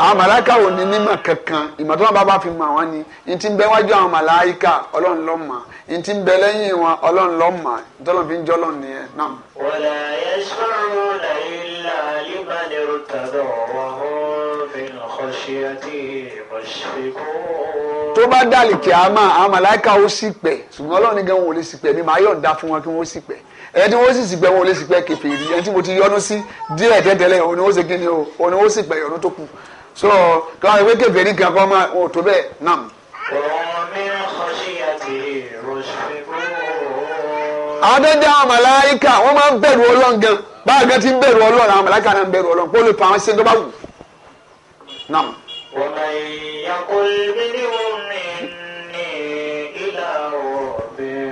àwọn màláìka ò ní nímọ̀ kankan ìmọ̀ tọ́lá bá bá fi mọ̀ àwọn ni n ti bẹ wájú àwọn màláìka ọlọ́run mọ̀ n ti lẹ́yìn wọn ọlọ́run mọ̀ tọ́lá fi ń jọ́ lọ́n nìyẹn nam. wala yashfa'una illa liman irtada wa hum min khashyatihi mushfiqun tó bá dàlì kí a máa àwọn màláìka ó sì pẹ̀ ṣùgbọ́n ọlọ́run nìkan wọn ò lè sì pẹ̀ mi màá yọ̀ǹda fún wọn kí wọ́n sì pẹ̀ ẹni tí wọ́n sì sì pẹ̀ wọn lè sì pẹ̀ kèfèrí ẹni tí mo ti yọnu sí díẹ̀ tẹ́tẹ́lẹ̀ òun ni ó ṣe kíni o òun ni ó sì pẹ̀ yọnu tó kù so kí wọ́n fi kèfèrí kan kọ́ máa wọn ò tó bẹ́ẹ̀ nàm. àwọn tó jẹ́ wọ́n máa ń bẹ̀rù ọlọ́run gan báyìí gan ti ń bẹ̀rù ọlọ́run àwọn màláìka náà ń bẹ̀rù ọlọ́run pé pa àwọn sí wù nàm. ومن يقل منهم إني إلى ربي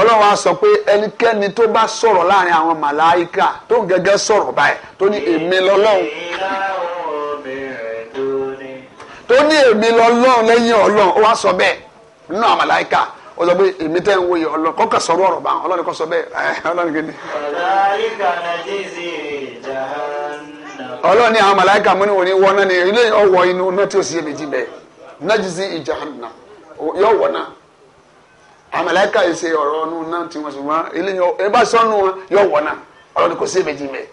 ọlọ́run á sọ pé ẹnikẹ́ni tó bá sọ̀rọ̀ láàrin àwọn màláìka tó ń gẹ́gẹ́ sọ̀rọ̀ báyìí tó ní èmi lọ́lọ́run tó ní èmi lọ́lọ́run lẹ́yìn ọlọ́run ó wá sọ bẹ́ẹ̀ nínú àwọn màláìka ó sọ pé èmi tẹ́ ń wo ọlọ́run kọ́kà sọ̀rọ̀ ọ̀rọ̀ bá ọlọ́run kọ́ sọ bẹ́ẹ̀ ọlọ́run kìíní. màláìka nàìjíríà ọlọ́run ni àwọn màláìka mú ní wọ́n náà ni ilé ọwọ́ inú náà tí ó sì yé méjì bẹ́ẹ̀ nájú sí yóò wọ̀ náà àwọn màláìka yìí ṣe ọ̀rọ̀ náà tí wọ́n ṣùgbọ́n ilé yẹn bá sọ́nù wọn yóò wọ̀ náà ọlọ́run kò sí méjì bẹ́ẹ̀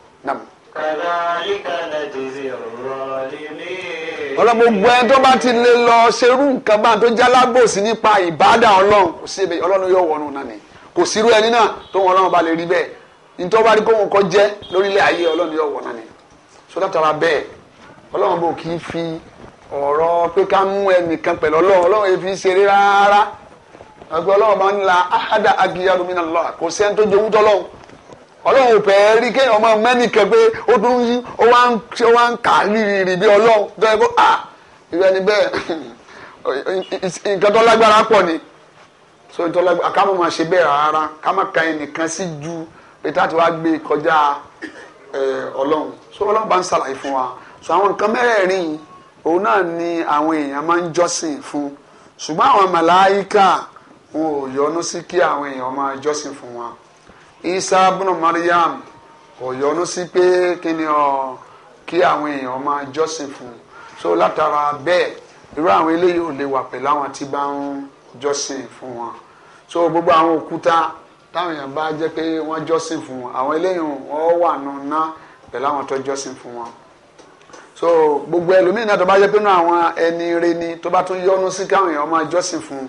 ọlọ́run gbogbo ẹni tó ẹni náà tó wọn ọlọ́run so látara bẹ́ẹ̀ ọlọ́run bò kì í fi ọ̀rọ̀ pé ká mú ẹnìkan pẹ̀lú ọlọ́run ọlọ́run èfi ṣeré rárá àgbẹ̀ ọlọ́run máa ń la ahada agiyaru mi náà lọ́la kò sẹ́ni tó jowú tọ́lọ́run ọlọ́run ò fẹ́ rí kéèyàn ọmọ mẹ́nìkan pé ó tún yí ó wá ń kà rírì bí ọlọ́run tó yẹ kó à ìrẹ́ni bẹ́ẹ̀ [laughs] nǹkan tó lágbára pọ̀ ni so nǹkan tó lágbára ká mọ̀ máa ṣe bẹ́ẹ̀ rárá ká má ka ẹnìkan sí ju pété àti wá gbé kọjá eh, ọlọ́run so ọlọ́run bá ń ṣàlàyé fún wa so àwọn nǹkan mẹ́rẹ̀ẹ̀rin yìí òun náà ni àwọn èèyàn máa ń jọ́sìn fún ṣùgbọ́n àwọn màláìka wọn ò yọnu sí kí àwọn èèyàn máa jọ́sìn fún wa Isa bùnà Mariam ò yọnu sí pé kí ọ kí àwọn èèyàn máa jọ́sìn fún so látara bẹ́ẹ̀ irú àwọn eléyìí ò lè wà pẹ̀lú àwọn tí bá ń jọ́sìn fún wọn so gbogbo àwọn òkúta táwọn èèyàn bá jẹ́ pé wọ́n jọ́sìn fún wọn àwọn eléyìí wọ́n wà nù náà pẹ̀lú àwọn tó jọ́sìn fún wọn so gbogbo ẹlòmíì náà tó bá jẹ́ pé nínú àwọn ẹni rẹ ni tó bá tún yọ́nú sí káwọn èèyàn máa jọ́sìn fún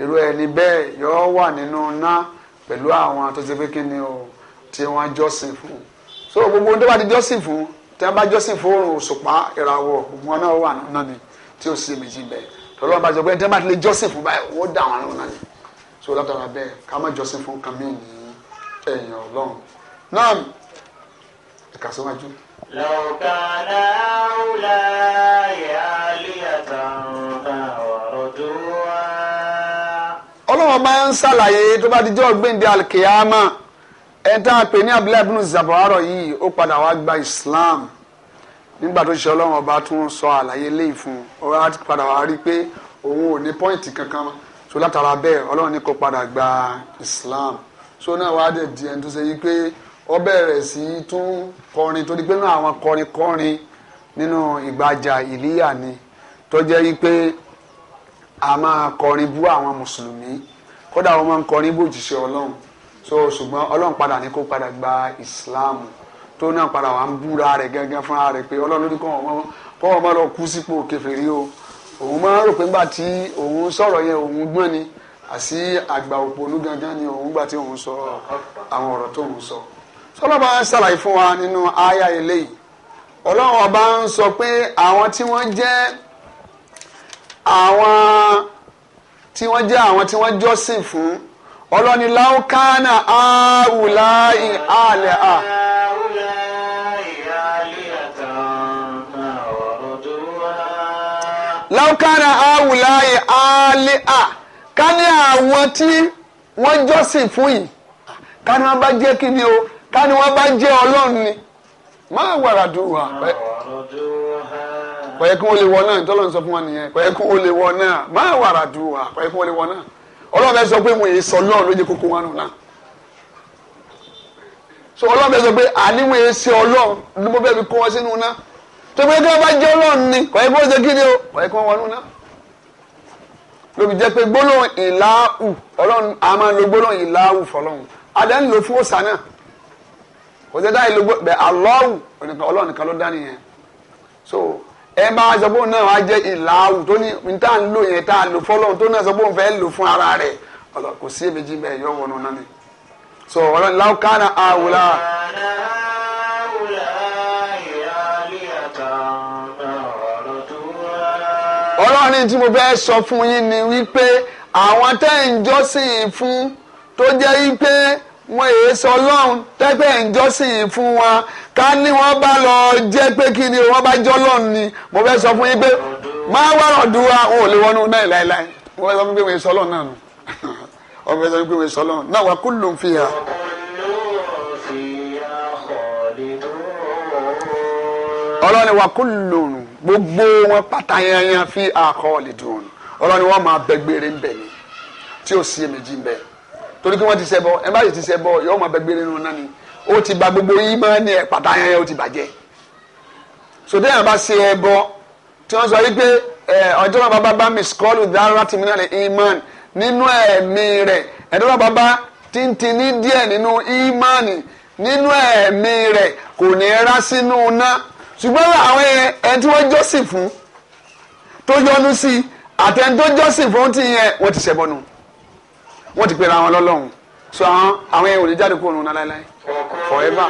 irú ẹni bẹ́ẹ̀ yọ wà nínú ná pẹ̀lú àwọn tó ti pé kí ni o tí wọ́n jọ́sìn fún so gbogbo ohun tó bá ti jọ́sìn fún tí wọ́n bá jọ́sìn fún oòrùn òṣùpá ìràwọ̀ gbogbo wọn náà wà náà ni tí ó sì méjì bẹ́ẹ̀ tọ́lọ́ bá jọ pé tí wọ́n bá ti lè jọ́sìn fún báyìí wọ́n dà wọn so látara bẹ́ẹ̀ ká má jọ́sìn fún kàmí ní ẹ̀yìn náà ẹ̀ka síwájú. lọ́ọ̀ká láwùlá yàlíyàtàn ọlọ́wọ́n máa ń ṣàlàyé tó bá dijọ́ gbẹ̀ǹdẹ̀ alikiyama ẹni tá a pè ní abdullahi ibn yìí ó padà wá gba islam nígbà tó ṣe ọlọ́run ọba tún sọ àlàyé léyìí fún un ó padà wá rí i pé òun ò ní pọ́ìntì kankan so látara bẹ́ẹ̀ ọlọ́run ní kó padà gba islam so náà wàá dẹ̀ di ẹni tó ṣe yí pé ó bẹ̀rẹ̀ sí í tún kọrin torí pé náà àwọn kọrin kọrin nínú ìgbàjà ìlíyà ni tó jẹ́ wípé a máa kọrin bú àwọn mùsùlùmí kódà wọn máa ń kọrin bú òjíṣẹ́ ọlọ́run so ṣùgbọ́n ọlọ́run padà ní kó padà gba ìsìláàmù tó náà padà wà ń búra rẹ̀ gángan fúnra rẹ̀ pé ọlọ́run ló ní kọ́ wọn kọ́ wọn lọ kú sípò kèfèrí o òun máa ń rò pé ńgbà tí òun sọ̀rọ̀ yẹn òun gbọ́n ni àti àgbà òpònú gangan ni òun gbà tí òun sọ àwọn ọ̀rọ̀ tó òun sọ sọlọ́ba ṣàlàyé fún wa nínú àyà eléyìí ọlọ́run ọba ń sọ pé àwọn tí wọ́n jẹ́ àwọn tí wọ́n jẹ́ àwọn tí wọ́n jọ́sìn fún ọlọ́ni láwùkánà àwùlá ìhàlẹ̀ à. láwùkánà àwùlá ìhàlẹ̀ à ká ní àwọn tí wọ́n jọ́sìn fún yìí ká ní wọ́n bá jẹ́ kí ni o. ká ní wọ́n bá ni máa wàrà dùn wá kò ole wọ náà tọ́lọ́ ń sọ fún wa nìyẹn kò wọ náà máa wàrà dùn wa kò yẹ wọ náà ọlọ́run bẹ sọ pé mo yẹ sọ lọ́ọ̀ lóye kókó náà so ọlọ́run bẹ sọ pé àníwọ̀n yẹ sẹ ọlọ́run ni mo bẹ fi kó wọn sínú náà tó pé kí bá ọlọ́run ni kò kí o náà lóbi pé gbólóhùn kò tẹ́ dáì lógbó alọ́wù ọlọ́run nìkan ló dá nìyẹn so ẹ bá sọ fóun náà wá jẹ́ ìlàwù tó ní níta ń lò yẹn tá a lò fọlọ́run tó náà sọ fóun fẹ́ lò fún ara rẹ̀ kò sí èméjì bẹ́ẹ̀ yọ wọnú náà ni so ọlọ́run láwùkánà àwùlà. ọlọ́run tí mo fẹ́ sọ fún yín ni wípé àwọn tẹ́ ń jọ́sìn fún tó jẹ́ wípé wọn èé sọ lọ́run tẹ́pẹ́ ìjọsìn fún wọn ká ní wọ́n bá lọ jẹ́ pé kí ni wọ́n bá jọ́ lọ́run ni mo fẹ́ sọ fún yín pé máa wárọ̀ dúró àwọn ò lè wọnú náà láéláé mo fẹ́ sọ fún pé wọ́n sọ lọ́run náà nù wọ́n [laughs] fẹ́ sọ fún pé wọ́n sọ lọ́run náà wà kú ló ń fi hà. ọlọ́ni wà kú lòun gbogbo wọn pátá yanyan fi àkọọ́lẹ̀ dùn ọlọ́ni wọ́n máa bẹ gbére ń bẹ̀ ni tí ò sí èméjì ń bẹ̀ ni torí pé wọ́n ti ṣẹbọ ẹ bá yìí ti ṣẹbọ yọọ máa bẹ gbére nínú náà ni ó ti ba gbogbo yìí máa ní ẹ pàtà yẹn ó ti bàjẹ́ sòtẹ́ yẹn bá ṣe ẹbọ tí wọ́n sọ wípé ẹ ọjọ́ bàbá bá bá mi skọ́ọ̀lù dára tì mí lè iman nínú ẹ̀mí rẹ̀ ẹ̀dọ́ bàbá bá tìǹtì ní díẹ̀ nínú imani nínú ẹ̀mí rẹ̀ kò ní rá sínú ná ṣùgbọ́n àwọn ẹni tí wọ́n jọ́sìn fún tó yọnu sí àtẹ̀ńtó jọ́sìn fún ti yẹn wọ́n ti ṣẹbọnu wọ́n ti pera wọn lọ́lọ́run so àwọn àwọn yẹn ò lè jáde kúrò nínú láéláé forever.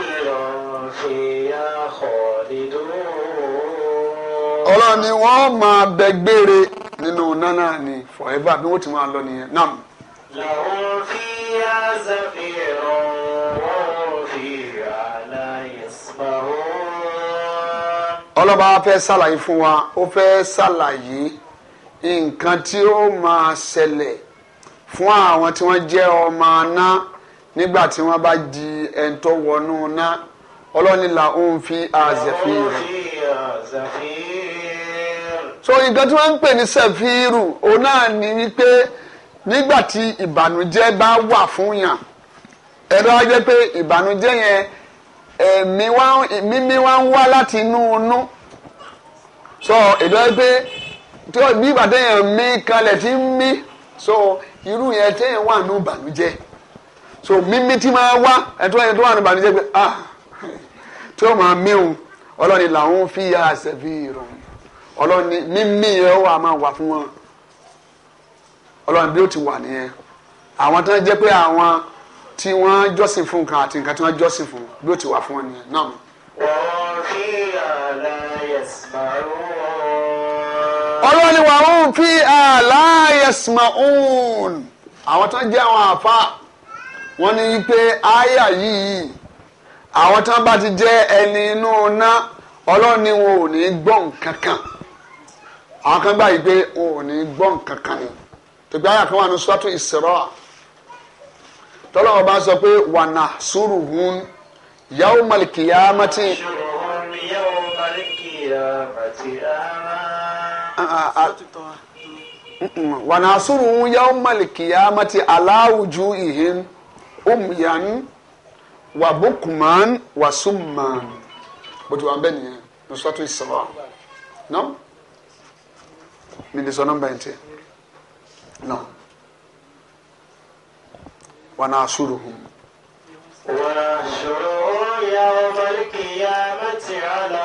ọlọ́run ni wọ́n máa bẹ gbére nínú nánà ni forever bí wọ́n ti máa lọ nìyẹn nam. làwọn fi yá zàfihàn wọ́n fi àlàyé sàbàwọ́. ọlọ́ba fẹ́ ṣàlàyé fún wa ó fẹ́ ṣàlàyé nǹkan tí ó máa ṣẹlẹ̀ fún àwọn tí wọ́n jẹ́ ọmọ ná nígbà tí wọ́n bá di ẹni wọnú ná ọlọ́ni là ń fi àzẹ̀fìrì. so nǹkan tí wọ́n ń pè ní sẹ̀fìrù òun náà ní wípé nígbà tí ìbànújẹ́ bá wà fún yàn ẹ̀rọ ajẹ́ pé ìbànújẹ́ yẹn ẹ̀mí wá ń wá láti inú inú so ìdọ́jẹ́ pé bí ìbàdàn yẹn mí kalẹ̀ ti ń mí so irú yẹn téèyàn wà nù bànújẹ́ so mímí tí máa wá ẹ̀tọ́ yẹn tó wà nù bànújẹ́ pé ah tí ó máa míhun ọlọ́ni làwọn fi ya àṣẹ fi rùn ọlọ́ni mímí yẹn ó wà máa wà fún wọn ọlọ́ni bí ó ti wà nìyẹn àwọn tó ń jẹ́ pé àwọn tí wọ́n jọ́sìn fún nǹkan àti nǹkan tí wọ́n jọ́sìn fún bí ó ti wà fún wọn nìyẹn náà. wọ́n fi àlàyé sàrò ọlọ́ni wà ń fi àlàyésìmà òun àwọn tó jẹ́ àwọn àfa wọ́n ni pé àyà yìí àwọn tó bá ti jẹ́ ẹni inú ná ọlọ́ni wọn ò ní gbọ́ nǹkan àwọn kan báyìí pé wọn ò ní gbọ́ nǹkan ni tòbí àyà kan wà ní sọ́tún ìsirọ́ tọ́lọ́wọ́ bá sọ pé wànà sùúrù hun yawmal qiyamati wanasuruhum yawmal qiyamati ala wujuhihim umyan wa bukman wa summan bótu wọn bẹ nìyẹn nusratu Isra no mi lè sọ nọ́mbà yẹn ti no wanasuruhum. ونحشره يوم القيامة على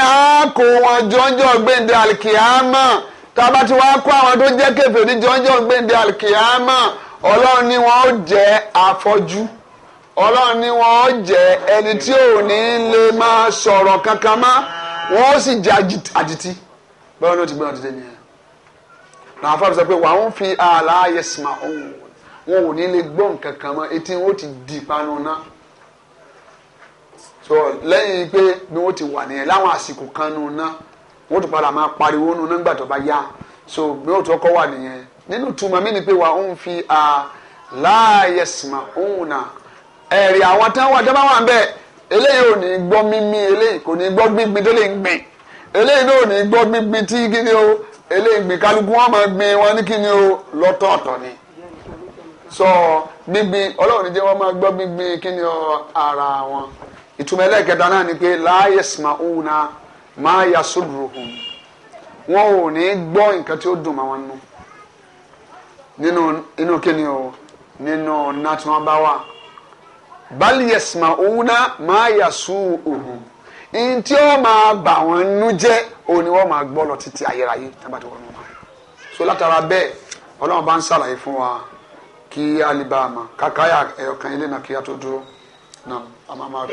a kó wọn jọ́njọ́ gbẹ̀ǹdẹ̀ alikiyama tá a bá ti wá kó àwọn tó jẹ́ jọ́njọ́ alikiyama Ọlọ́ọ̀ni wọn wọ́n jẹ́ afọ́jú Ọlọ́ọ̀ni wọn jẹ́ ẹni tí ò ní lè máa sọ̀rọ̀ kankan wọ́n sì náà afáàbí sọ pé wà ń fi àlà ayé sùnmà òun wọn ò ní lè gbọ́ nǹkan kan mọ́ etí wọn ó ti di ìpanu ná so lẹ́yìn pé bí wọ́n ti wà nìyẹn láwọn àsìkò kan nù ná wọ́n ti padà máa pariwo nù nígbà tó bá yá so bí wọ́n ti kọ́ wà nìyẹn nínú túmọ̀ mí ni pé wà ń fi àlà ayé sùnmà òun náà ẹ̀rì àwọn tán wà tán bá wà ń bẹ̀ eléyìí ò ní gbọ́ mímí eléyìí kò ní gbọ́ gbígbin tó lè gbìn eléyìí náà ò ní gbọ́ gbígbin tí gíní eléyìí mgbe ka wọn máa gbìn wọn ní kíni o lọ́tọ̀ọ̀tọ̀ ni sọ gbígbìn ọlọ́run ní jẹ́ máa ara wọn ìtumọ̀ ẹlẹ́ẹ̀kẹta náà ni pé láàyè sùnmà ma máa yà wọn ò ní nǹkan tí ó dùn wọn nù nínú inú kíni o nínú náà tí n tí ó máa bà wọ́n nú jẹ́ òun ni wọ́n máa gbọ́ lọ títí ayérayé tábàtí wọ́n máa so látara bẹ́ẹ̀ ọlọ́run bá ń ṣàlàyé fún wa kí a ma bá a mọ̀ kàkáyà ilé náà kí a tó dúró náà a máa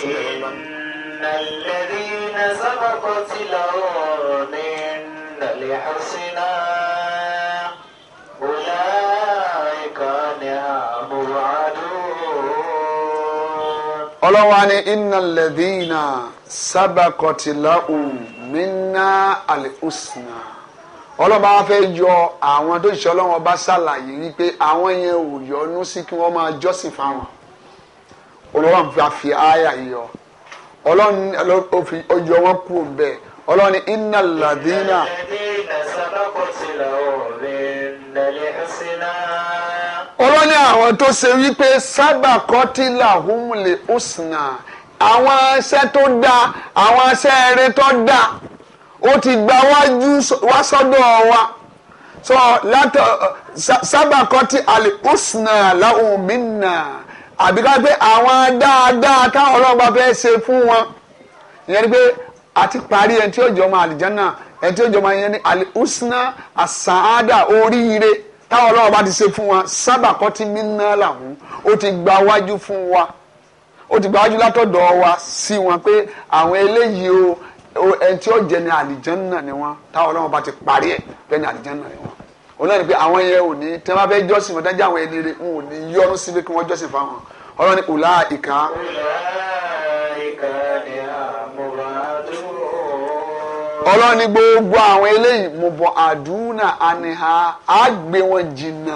ọlọ́wà ni iná lẹ́dínà sábàkọ̀tìláhùn mínà àlẹ́hùsìnà ọlọ́ba wa fẹ́ yọ àwọn tó ṣiṣẹ́ ọlọ́wọ́n bá ṣàlàyé wípé àwọn yẹn ò yọnu sí kí wọ́n máa jọ́sìn fáwọn olówó àfihàn fi àyà yọ ọlọ́ni ọjọ́ wọn kú bẹ́ẹ̀ ọlọ́ni iná lẹ́dínà sábàkọ̀tìláhùn mínà àlẹ́hùsìnà olóní àwọn tó ṣe wípé sábà kọtílà húmùlẹ òsínà àwọn iṣẹ́ tó dáa àwọn iṣẹ́ eré tó dáa ó ti gba wájú wá sọ́dọ̀ wa so látọ sábà kọtí àlè òsínà láwọn mìíràn àbí ká pé àwọn dáadáa táwọn ọlọ́run bá fẹ́ ṣe fún wọn ìyẹn ni pé àti parí ẹni tí ó jọ ọmọ àlìjánà ẹni tí ó jọ ọmọ yẹn ni àlè òsínà àsàádà oríire táwọn ọlọ́run bá ti ṣe fún wa sábà kọ́ ti mí ná làwọn ó ti gba wájú fún wa ó ti gba wájú látọ̀dọ̀ wa sí wọn pé àwọn eléyìí o ẹni tí ó jẹ ní àlìjánná ni wọn táwọn ọlọ́run bá ti parí ẹ̀ bẹ́ẹ̀ ni àlìjánná ni wọn òun náà ni pé àwọn yẹn ò ní tí wọn fẹ́ jọ́sìn wọn dájú àwọn ẹni ń ò ní yọrùn síbi kí wọ́n jọ́sìn fáwọn ọlọ́run ni kò láà ìka. kò láà ìka ni ọlọ́run gbogbo àwọn eléyìí mo bọ̀ àdúnà àníhà á wọn jìnnà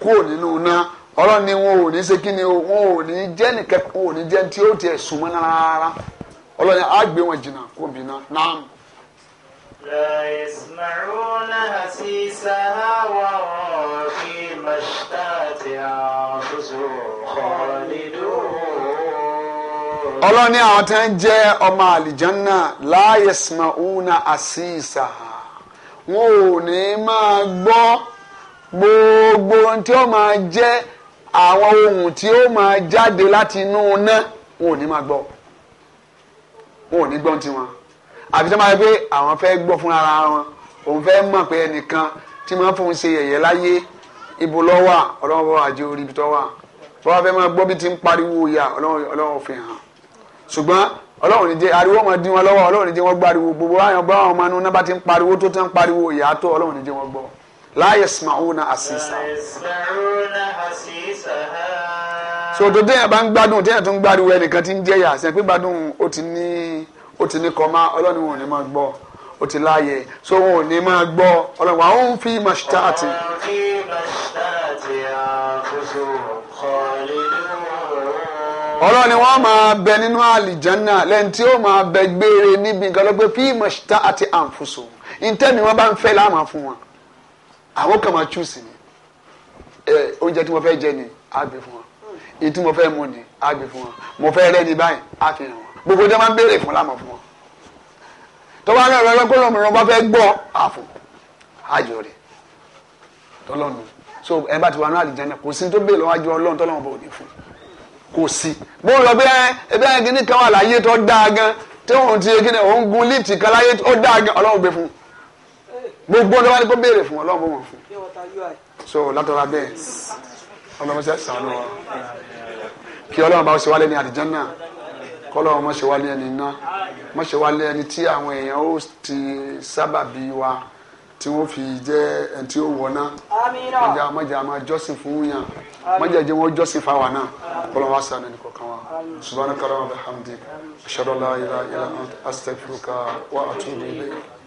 kúrò nínú wọn ò ní ṣe kí ni wọn ò ní jẹ́ wọn ò ní jẹ́ tí ó tiẹ̀ rárá wọn ọlọ́ni àwọn tó ń jẹ́ ọmọ àlìjánná láyẹ̀sìmọ̀ una àṣìṣà wọn ò ní máa gbọ́ gbogbo tí ó máa jẹ́ àwọn ohun tí ó máa jáde láti inú iná wọn ò ní máa gbọ́ wọn ò ní gbọ́ tiwọn àbí tó máa yẹ pé àwọn fẹ́ gbọ́ fún ara wọn òun fẹ́ mọ̀ pé ẹnìkan tí máa fún un ṣe yẹ̀yẹ́ láyé ibo lọ́wọ́ ọlọ́wọ́ àjẹ́ orí ibi tó bọ́wọ́ fẹ́ máa gbọ́ bí ti ń pariwo ìyá ọlọ́wọ́ fi hàn ṣùgbọ́n ọlọ́run ní jẹ́ ariwo ọmọ dín wọn lọ́wọ́ ọlọ́run ní jẹ́ wọn gbariwo gbogbo àyàn bá wọn manú náà bá ti ń pariwo tó tán pariwo ìyá tó ọlọ́run ní jẹ́ wọn gbọ́ láyé smauna àṣìṣà. sòtò téèyàn bá ń gbádùn téèyàn tó ń gbariwo ẹnìkan ti ń jẹ́yà sẹ́yìn pé gbádùn ó ti ní ó ti ní kọ́má ọlọ́run ò ní máa gbọ́ ó ti láàyè so wọn ò ní máa gbọ́ ọlọ́run àwọn ń fi màṣítà àti. ọlọ́run ni wọ́n máa bẹ nínú àlìjánná lẹ́yìn tí ó máa bẹ gbére níbi nǹkan ló pé fí mọ̀ṣítà àti àǹfọ̀sọ̀ ìtẹ́ni wọ́n bá ń fẹ́ láàmà fún wọn àwọn kan máa chúùsì ni oúnjẹ tí mo fẹ́ jẹ ni á gbé fún wọn èyí tí mo fẹ́ mu ni á gbé fún wọn mo fẹ́ rẹ́ ni báyìí á fi hàn wọn gbogbo jẹ́ máa ń béèrè fún láàmà fún wọn tọ́wọ́ àgbà rẹ̀ lọ́kọ́ lọ́mọ bá fẹ́ gbọ́ àfọ̀ àjọ rẹ̀ tọ́lọ́nu so ẹ bá ti wà ní àlìjánná kò sí tó béèrè lọ́wọ́ àjọ ọlọ́run tọ́lọ́run bò ní fún un kò sí bó ń lọ bí ẹbí ẹni kìíní kan wà láyé tó dáa gan tí òun ti kí ni òun gun lift kan láyé tó dáa gan ọlọ́run gbé fún gbogbo ọdọ wa ni kó béèrè fún ọlọ́run bó wọn fún so látọ̀ra bẹ́ẹ̀ ọlọ́run ṣe sànù wa kí ọlọ́run bá ṣe wálé ní àlìjánnà kọ́lọ́run má ṣe wálé ẹni iná má ṣe wálé ẹni tí àwọn èèyàn ó ti sábàbí wa tí wọ́n fi jẹ́ ẹni tí ó wọná mọ̀jà mọ̀jà máa jọ́sìn fún yàn mọ̀jà jẹ́ wọ́n jọ́sìn fáwọn náà kọ́lọ́n wá sànù ní kọ̀ọ̀kan wa subhanaka wa bihamdika ashhadu an ilaha illa anta astaghfiruka wa atubu ilayk.